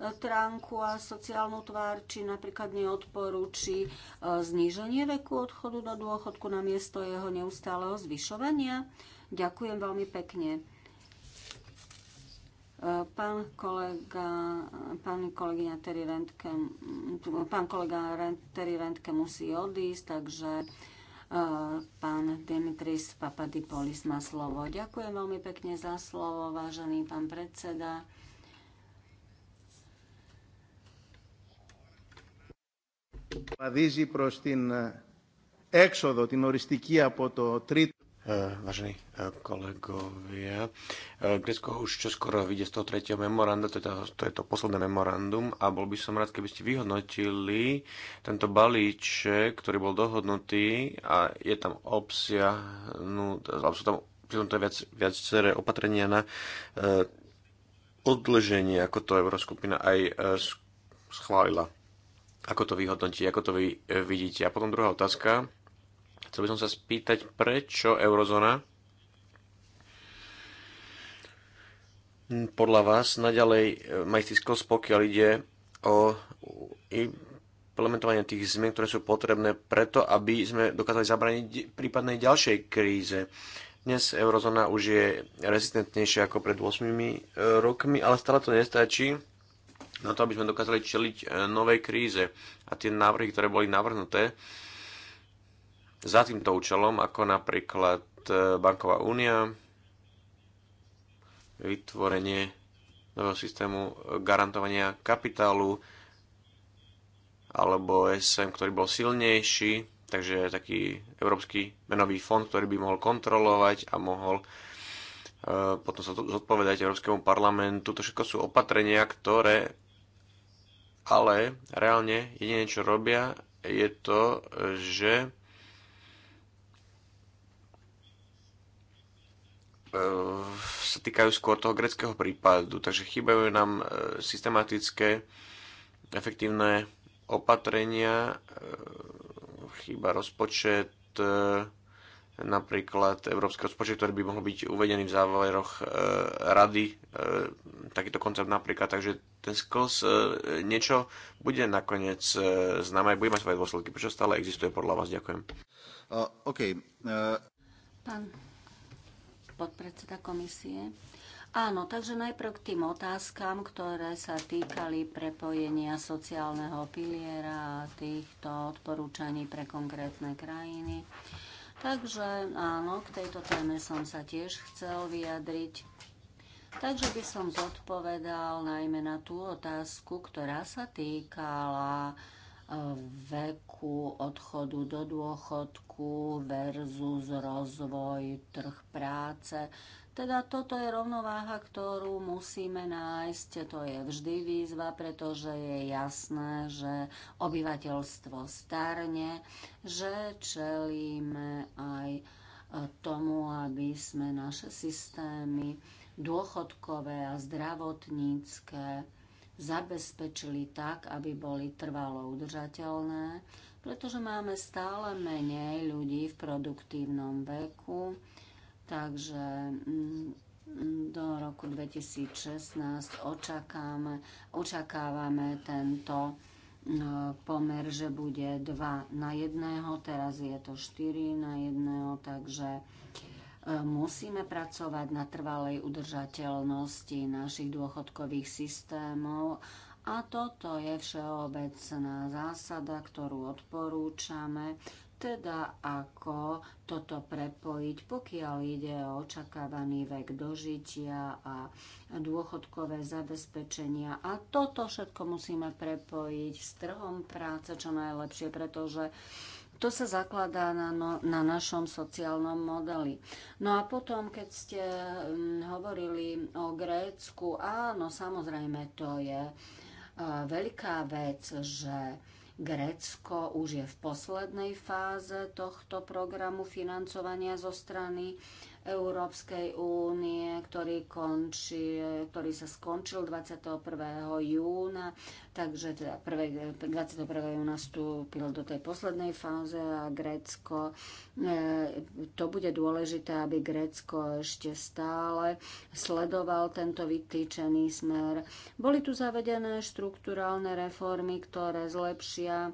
stránku e, a sociálnu tvár, či napríklad neodporúči e, zníženie veku odchodu do dôchodku na miesto jeho neustáleho zvyšovania. Ďakujem veľmi pekne. Pán kolega, pán kolegyňa Terry Rentke, pán kolega Terry Rentke musí odísť, takže e, pán Dimitris Papadipolis má slovo. Ďakujem veľmi pekne za slovo, vážený pán predseda. Παδίζει προς την έξοδο, την οριστική po to τρίτο E, vážení e, kolegovia. E, Grécko už čoskoro vyjde z toho tretieho memoranda, to je to, to je to posledné memorandum a bol by som rád, keby ste vyhodnotili tento balíček, ktorý bol dohodnutý a je tam no, alebo sú tam to viac, viaceré opatrenia na e, odlženie, ako to Euroskupina aj e, schválila. Ako to vyhodnotí, ako to vy e, vidíte. A potom druhá otázka Chcel by som sa spýtať, prečo eurozóna podľa vás naďalej má istý sklos, pokiaľ ide o implementovanie tých zmien, ktoré sú potrebné preto, aby sme dokázali zabraniť prípadnej ďalšej kríze. Dnes eurozóna už je rezistentnejšia ako pred 8 e, rokmi, ale stále to nestačí na to, aby sme dokázali čeliť e, novej kríze. A tie návrhy, ktoré boli navrhnuté, za týmto účelom, ako napríklad e, Banková únia, vytvorenie nového systému garantovania kapitálu alebo SM, ktorý bol silnejší, takže taký Európsky menový fond, ktorý by mohol kontrolovať a mohol e, potom sa zodpovedať Európskemu parlamentu. To všetko sú opatrenia, ktoré ale reálne jediné, čo robia, je to, že E, sa týkajú skôr toho greckého prípadu, takže chýbajú nám e, systematické efektívne opatrenia, e, chýba rozpočet, napríklad európsky rozpočet, ktorý by mohol byť uvedený v záveroch rady, takýto koncept napríklad, takže ten sklz niečo bude nakoniec známe, bude mať svoje dôsledky, prečo stále existuje podľa vás, ďakujem. Uh, OK. Uh... Pán podpredseda komisie. Áno, takže najprv k tým otázkam, ktoré sa týkali prepojenia sociálneho piliera a týchto odporúčaní pre konkrétne krajiny. Takže áno, k tejto téme som sa tiež chcel vyjadriť. Takže by som zodpovedal najmä na tú otázku, ktorá sa týkala veku odchodu do dôchodku versus rozvoj trh práce. Teda toto je rovnováha, ktorú musíme nájsť. To je vždy výzva, pretože je jasné, že obyvateľstvo starne, že čelíme aj e, tomu, aby sme naše systémy dôchodkové a zdravotnícke zabezpečili tak, aby boli trvalo udržateľné, pretože máme stále menej ľudí v produktívnom veku, takže mm, do roku 2016 očakáme, očakávame tento e, pomer, že bude 2 na 1, teraz je to 4 na 1, takže Musíme pracovať na trvalej udržateľnosti našich dôchodkových systémov a toto je všeobecná zásada, ktorú odporúčame, teda ako toto prepojiť, pokiaľ ide o očakávaný vek dožitia a dôchodkové zabezpečenia. A toto všetko musíme prepojiť s trhom práce čo najlepšie, pretože to sa zakladá na, no, na našom sociálnom modeli. No a potom, keď ste mm, hovorili o Grécku, áno, samozrejme, to je e, veľká vec, že Grécko už je v poslednej fáze tohto programu financovania zo strany uh, Európskej únie, ktorý, končí, ktorý sa skončil 21. júna, takže teda 21. júna vstúpil do tej poslednej fáze a Grécko, e, to bude dôležité, aby Grécko ešte stále sledoval tento vytýčený smer. Boli tu zavedené štruktúrálne reformy, ktoré zlepšia e,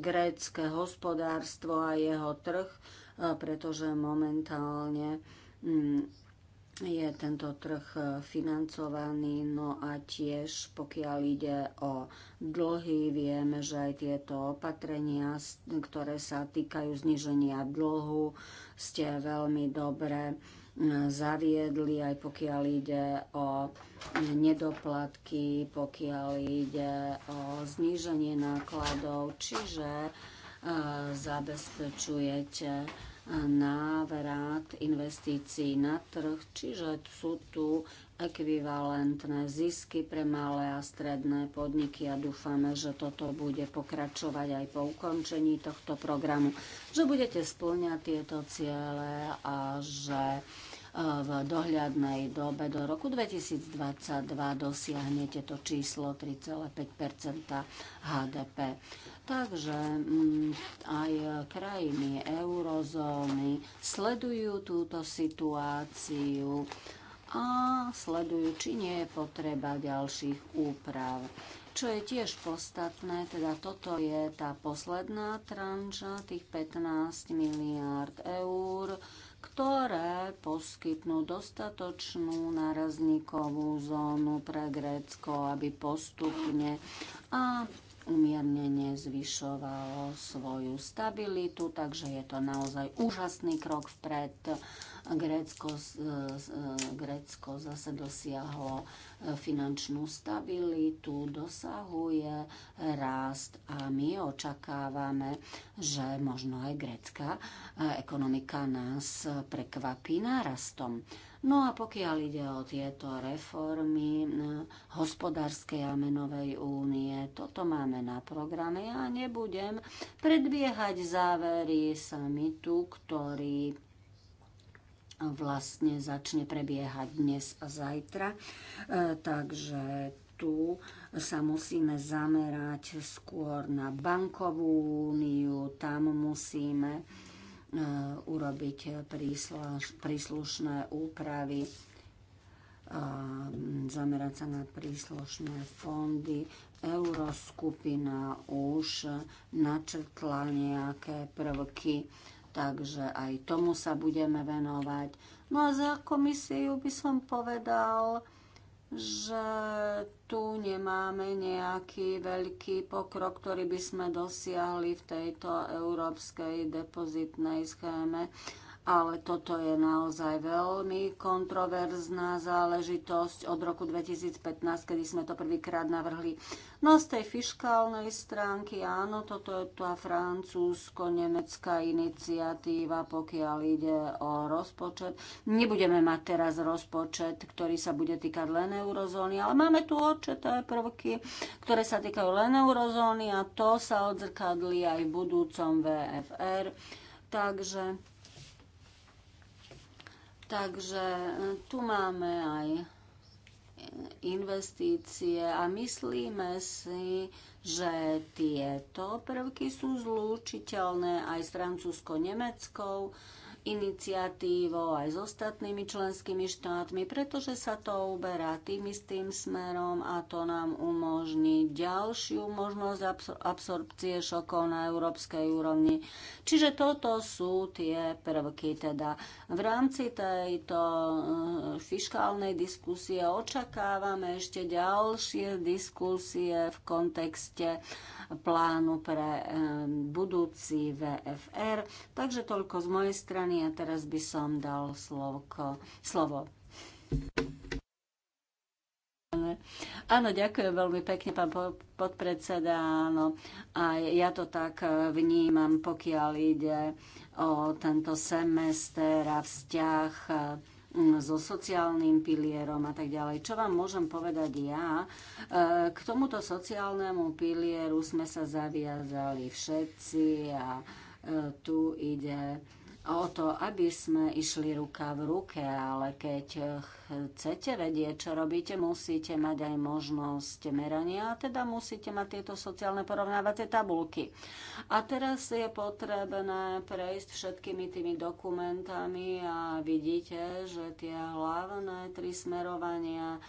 grécke hospodárstvo a jeho trh Eh, pretože momentálne mm, je tento trh eh, financovaný, no a tiež pokiaľ ide o dlhy, vieme, že aj tieto opatrenia, ktoré sa týkajú zniženia dlhu, ste veľmi dobre mm, zaviedli, aj pokiaľ ide o nedoplatky, pokiaľ ide o zníženie nákladov, čiže E, zabezpečujete návrat investícií na trh, čiže sú tu ekvivalentné zisky pre malé a stredné podniky a dúfame, že toto bude pokračovať aj po ukončení tohto programu, že budete splňať tieto ciele a že v dohľadnej dobe do roku 2022 dosiahnete to číslo 3,5 HDP. Takže mm, aj krajiny eurozóny sledujú túto situáciu a sledujú, či nie je potreba ďalších úprav. Čo je tiež podstatné, teda toto je tá posledná tranža, tých 15 miliárd eur, ktoré poskytnúť dostatočnú nárazníkovú zónu pre Grécko, aby postupne a umiernenie zvyšovalo svoju stabilitu, takže je to naozaj úžasný krok vpred. Grécko, e, e, Grécko zase dosiahlo e, finančnú stabilitu, dosahuje rast a my očakávame, že možno aj grécka ekonomika nás prekvapí nárastom. No a pokiaľ ide o tieto reformy eh, hospodárskej a menovej únie, toto máme na programe. Ja nebudem predbiehať závery samitu, ktorý vlastne začne prebiehať dnes a zajtra. Eh, takže tu sa musíme zamerať skôr na bankovú úniu, tam musíme E, urobiť príslušné úpravy e, zamerať sa na príslušné fondy. Euroskupina už načrtla nejaké prvky, takže aj tomu sa budeme venovať. No a za komisiu by som povedal, že tu nemáme nejaký veľký pokrok, ktorý by sme dosiahli v tejto európskej depozitnej schéme ale toto je naozaj veľmi kontroverzná záležitosť od roku 2015, kedy sme to prvýkrát navrhli. No z tej fiškálnej stránky, áno, toto je tá francúzsko-nemecká iniciatíva, pokiaľ ide o rozpočet. Nebudeme mať teraz rozpočet, ktorý sa bude týkať len eurozóny, ale máme tu určité prvky, ktoré sa týkajú len eurozóny a to sa odzrkadli aj v budúcom VFR. Takže Takže e, tu máme aj investície a myslíme si, že tieto prvky sú zlúčiteľné aj s francúzsko-nemeckou iniciatívou aj s ostatnými členskými štátmi, pretože sa to uberá tým istým smerom a to nám umožní ďalšiu možnosť absorpcie šokov na európskej úrovni. Čiže toto sú tie prvky. Teda v rámci tejto eh, fiskálnej diskusie očakávame ešte ďalšie diskusie v kontexte plánu pre budúci VFR. Takže toľko z mojej strany a teraz by som dal slovko, slovo. Áno, ďakujem veľmi pekne, pán podpredseda. Áno, a ja to tak eh, vnímam, pokiaľ ide o tento semester a vzťah eh, so sociálnym pilierom a tak ďalej. Čo vám môžem povedať ja? E, k tomuto sociálnemu pilieru sme sa zaviazali všetci a e, tu ide o to, aby sme išli ruka v ruke, ale keď chcete vedieť, čo robíte, musíte mať aj možnosť merania, a teda musíte mať tieto sociálne porovnávacie tabulky. A teraz je potrebné prejsť všetkými tými dokumentami a vidíte, že tie hlavné tri smerovania e,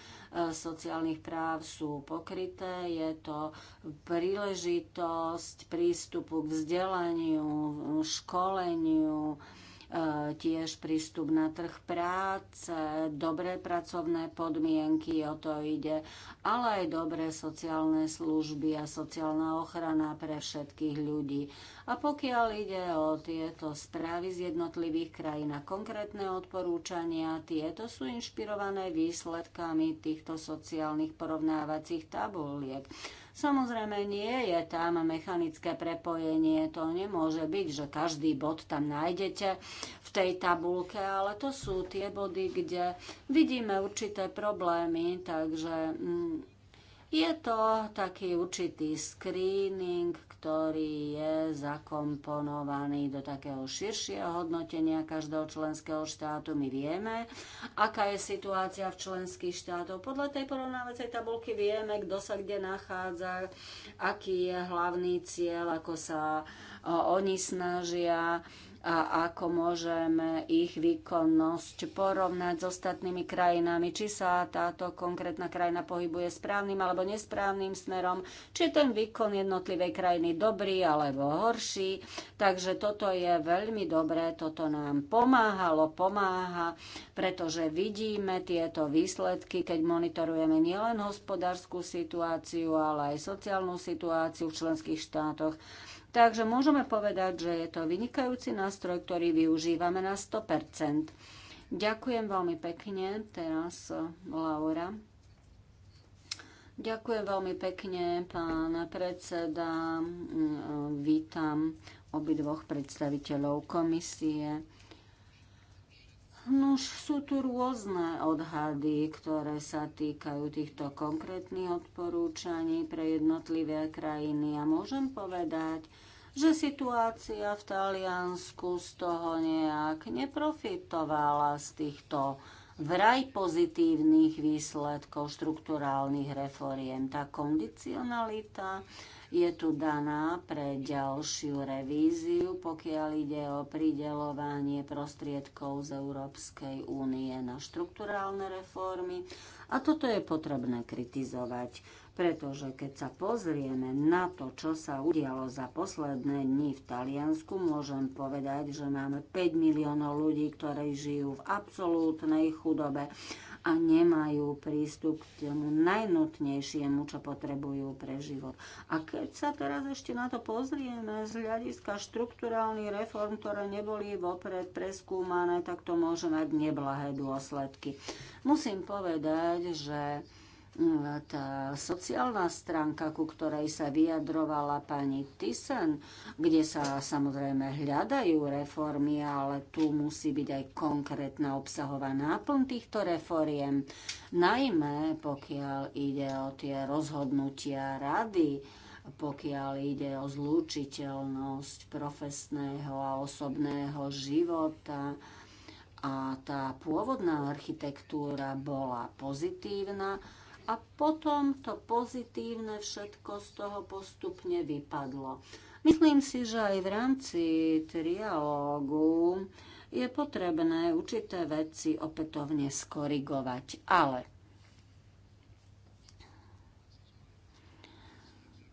sociálnych práv sú pokryté. Je to príležitosť prístupu k vzdelaniu, školeniu, E, tiež prístup na trh práce, dobré pracovné podmienky, o to ide, ale aj dobré sociálne služby a sociálna ochrana pre všetkých ľudí. A pokiaľ ide o tieto správy z jednotlivých krajín a konkrétne odporúčania, tieto sú inšpirované výsledkami týchto sociálnych porovnávacích tabuliek. Samozrejme nie je tam mechanické prepojenie, to nemôže byť, že každý bod tam nájdete v tej tabulke, ale to sú tie body, kde vidíme určité problémy, takže mm, je to taký určitý screening, ktorý je zakomponovaný do takého širšieho hodnotenia každého členského štátu. My vieme, aká je situácia v členských štátoch. Podľa tej porovnávacej tabulky vieme, kto sa kde nachádza, aký je hlavný cieľ, ako sa oni snažia a ako môžeme ich výkonnosť porovnať s ostatnými krajinami, či sa táto konkrétna krajina pohybuje správnym alebo nesprávnym smerom, či je ten výkon jednotlivej krajiny dobrý alebo horší. Takže toto je veľmi dobré, toto nám pomáhalo, pomáha, pretože vidíme tieto výsledky, keď monitorujeme nielen hospodárskú situáciu, ale aj sociálnu situáciu v členských štátoch Takže môžeme povedať, že je to vynikajúci nástroj, ktorý využívame na 100%. Ďakujem veľmi pekne. Teraz eh, Laura. Ďakujem veľmi pekne, pán predseda. Mm, eh, vítam obidvoch predstaviteľov komisie. Nuž sú tu rôzne odhady, ktoré sa týkajú týchto konkrétnych odporúčaní pre jednotlivé krajiny a môžem povedať, že situácia v Taliansku z toho nejak neprofitovala z týchto vraj pozitívnych výsledkov štrukturálnych reforiem. Tá kondicionalita je tu daná pre ďalšiu revíziu, pokiaľ ide o pridelovanie prostriedkov z Európskej únie na štrukturálne reformy. A toto je potrebné kritizovať, pretože keď sa pozrieme na to, čo sa udialo za posledné dni v Taliansku, môžem povedať, že máme 5 miliónov ľudí, ktorí žijú v absolútnej chudobe a nemajú prístup k tomu najnutnejšiemu, čo potrebujú pre život. A keď sa teraz ešte na to pozrieme z hľadiska štruktúrálnych reform, ktoré neboli vopred preskúmané, tak to môže mať neblahé dôsledky. Musím povedať, že tá sociálna stránka, ku ktorej sa vyjadrovala pani Tysen, kde sa samozrejme hľadajú reformy, ale tu musí byť aj konkrétna obsahová náplň týchto reforiem, najmä pokiaľ ide o tie rozhodnutia rady, pokiaľ ide o zlúčiteľnosť profesného a osobného života, a tá pôvodná architektúra bola pozitívna, a potom to pozitívne všetko z toho postupne vypadlo. Myslím si, že aj v rámci triálogu je potrebné určité veci opätovne skorigovať, ale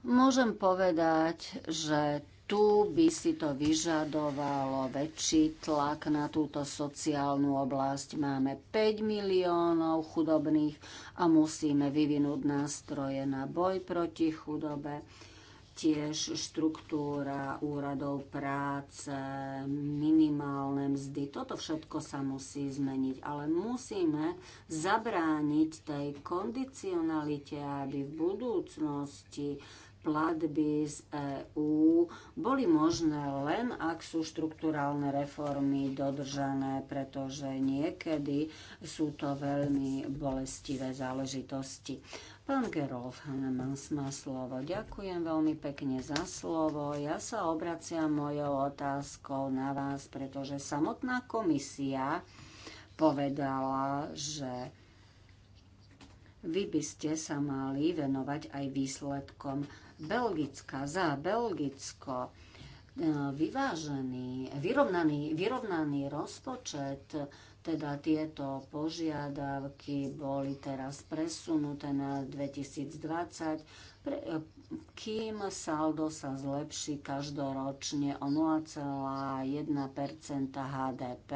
môžem povedať, že tu by si to vyžadovalo väčší tlak na túto sociálnu oblasť. Máme 5 miliónov chudobných a musíme vyvinúť nástroje na boj proti chudobe. Tiež štruktúra úradov práce, minimálne mzdy, toto všetko sa musí zmeniť. Ale musíme zabrániť tej kondicionalite, aby v budúcnosti platby z EÚ boli možné len, ak sú štruktúrálne reformy dodržané, pretože niekedy sú to veľmi bolestivé záležitosti. Pán Gerolf Hanemans má slovo. Ďakujem veľmi pekne za slovo. Ja sa obraciam mojou otázkou na vás, pretože samotná komisia povedala, že vy by ste sa mali venovať aj výsledkom Belgická za Belgicko e, vyvážený, vyrovnaný, vyrovnaný rozpočet, teda tieto požiadavky boli teraz presunuté na 2020, pre, e, kým saldo sa zlepší každoročne o 0,1 HDP.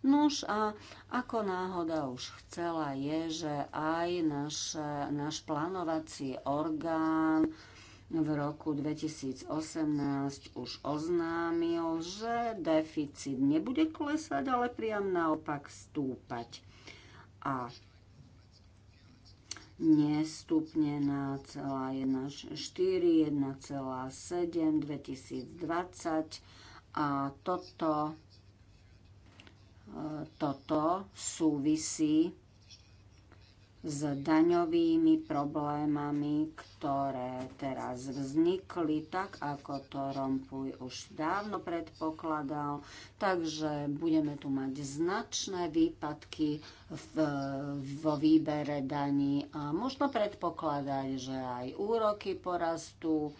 Nuž a ako náhoda už chcela je, že aj naš, náš plánovací orgán v roku 2018 už oznámil, že deficit nebude klesať, ale priam naopak stúpať. A nestupne na 1,4, 1,7 2020 a toto, e, toto súvisí s daňovými problémami, ktoré teraz vznikli, tak ako to Rompuj už dávno predpokladal. Takže budeme tu mať značné výpadky v, vo výbere daní a možno predpokladať, že aj úroky porastú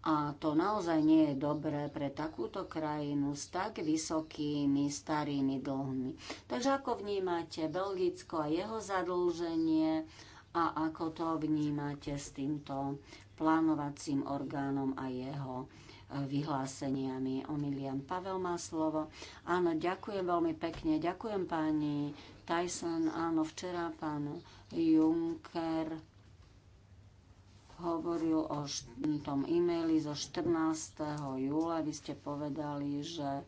a to naozaj nie je dobré pre takúto krajinu s tak vysokými starými dlhmi. Takže ako vnímate Belgicko a jeho zadlženie a ako to vnímate s týmto plánovacím orgánom a jeho e, vyhláseniami. Omilian Pavel má slovo. Áno, ďakujem veľmi pekne. Ďakujem pani Tyson. Áno, včera pán Juncker hovoril o tom e-maili zo 14. júla. Vy ste povedali, že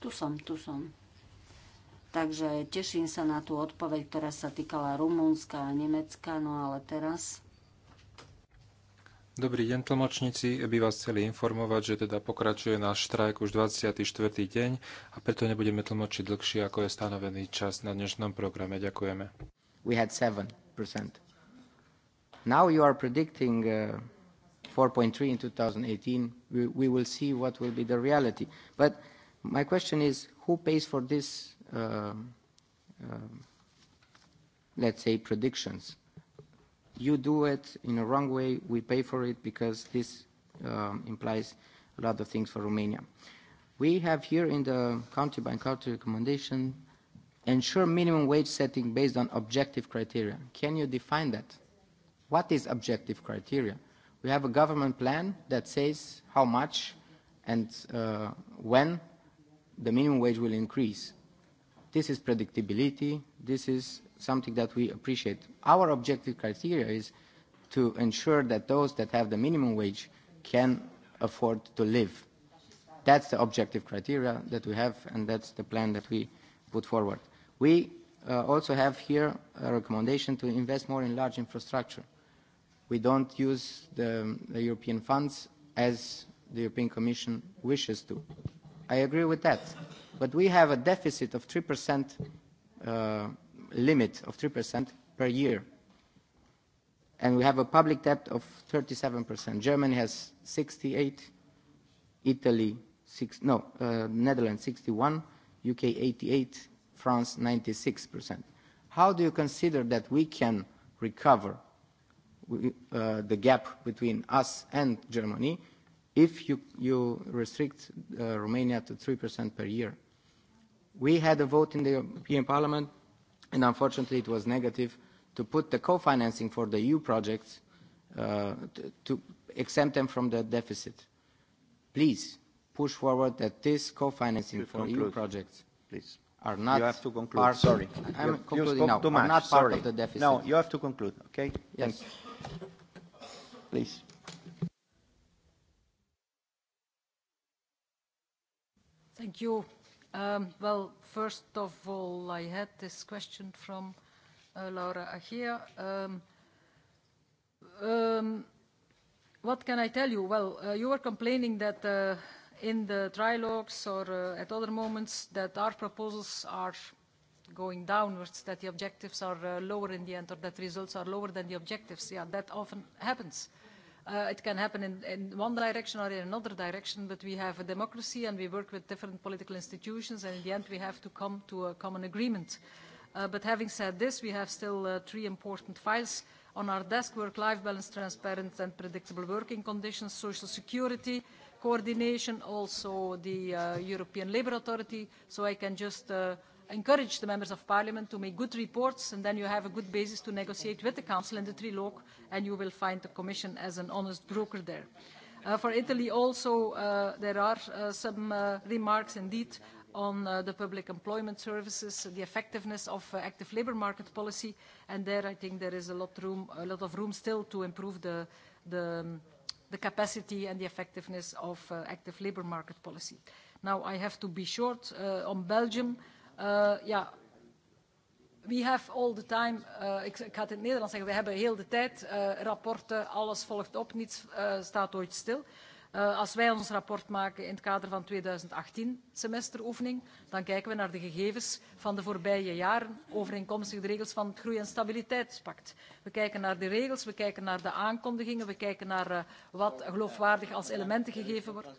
tu som, tu som. Takže teším sa na tú odpoveď, ktorá sa týkala Rumúnska a Nemecka, no ale teraz... Dobrý deň, tlmočníci. By vás chceli informovať, že teda pokračuje náš štrajk už 24. deň a preto nebudeme tlmočiť dlhšie, ako je stanovený čas na dnešnom programe. Ďakujeme. We had 7%. Now you are predicting uh, 4.3 in 2018. We, we will see what will be the reality. But my question is, who pays for this, uh, uh, let's say, predictions? You do it in a wrong way. We pay for it because this um, implies a lot of things for Romania. We have here in the country by country recommendation ensure minimum wage setting based on objective criteria. Can you define that? What is objective criteria? We have a government plan that says how much and uh, when the minimum wage will increase. This is predictability. This is something that we appreciate. Our objective criteria is to ensure that those that have the minimum wage can afford to live. That's the objective criteria that we have, and that's the plan that we put forward. We uh, also have here a recommendation to invest more in large infrastructure we don't use the, the European funds as the European Commission wishes to. I agree with that. But we have a deficit of 3% uh, limit of 3% per year. And we have a public debt of 37%. Germany has 68, Italy, six, no, uh, Netherlands 61, UK 88, France 96%. How do you consider that we can recover uh, the gap between us and Germany if you, you restrict uh, Romania to 3% per year. We had a vote in the European Parliament, and unfortunately it was negative, to put the co-financing for the EU projects uh, to, to exempt them from the deficit. Please push forward that this co-financing for e conclude, EU projects please. are not you have to conclude. part. Sorry, I'm you, concluding you spoke now. Too much. Are not sorry. part of the deficit. No, you have to conclude. Okay. Yes. Thank you. Please. Thank you. Um, well, first of all, I had this question from uh, Laura Achia. Um, um, what can I tell you? Well, uh, you were complaining that uh, in the trilogues or uh, at other moments that our proposals are going downwards, that the objectives are uh, lower in the end or that results are lower than the objectives. Yeah, that often happens. Uh, it can happen in, in one direction or in another direction, but we have a democracy and we work with different political institutions, and in the end we have to come to a common agreement. Uh, but having said this, we have still uh, three important files on our desk, work-life balance, transparent and predictable working conditions, social security, coordination, also the uh, European Labour Authority. So I can just uh, encourage the members of parliament to make good reports and then you have a good basis to negotiate with the council in the trilogue and you will find the commission as an honest broker there. Uh, for Italy also uh, there are uh, some uh, remarks indeed on uh, the public employment services, the effectiveness of uh, active labour market policy and there I think there is a lot, room, a lot of room still to improve the, the, um, the capacity and the effectiveness of uh, active labour market policy. Now I have to be short uh, on Belgium. Uh, uh, ja, we have all the time, uh, ik, ik ga het in het Nederlands zeggen, we hebben heel de tijd uh, rapporten, alles volgt op, niets uh, staat ooit stil. Uh, als wij ons rapport maken in het kader van 2018 semesteroefening, dan kijken we naar de gegevens van de voorbije jaren overeenkomstig de regels van het Groei- en Stabiliteitspact. We kijken naar de regels, we kijken naar de aankondigingen, we kijken naar uh, wat geloofwaardig als elementen gegeven wordt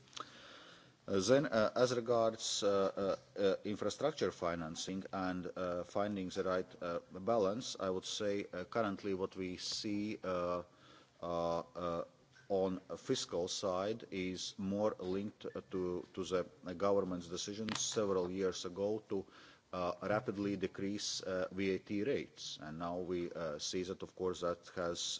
Uh, then, uh, as regards uh, infrastructure financing and finding the right balance, I would say currently what we see on the fiscal side is more linked to, to the government's decision several years ago to uh, rapidly decrease uh, VAT rates. And now we uh, see that, of course, that has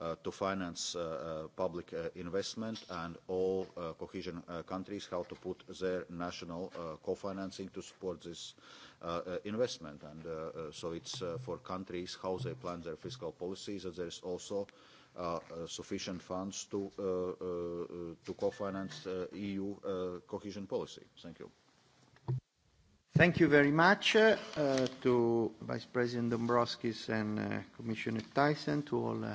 uh, to finance uh, uh public uh, investment and all uh, cohesion countries how to put their national co-financing to support this investment. And so it's for countries how they plan their fiscal policies there there's also Uh, uh, sufficient funds to, uh, uh, to co-finance uh, EU uh, cohesion policy. Thank you. Thank you very much uh, to Vice President Dombrovskis and uh, Commissioner Tyson, to all uh,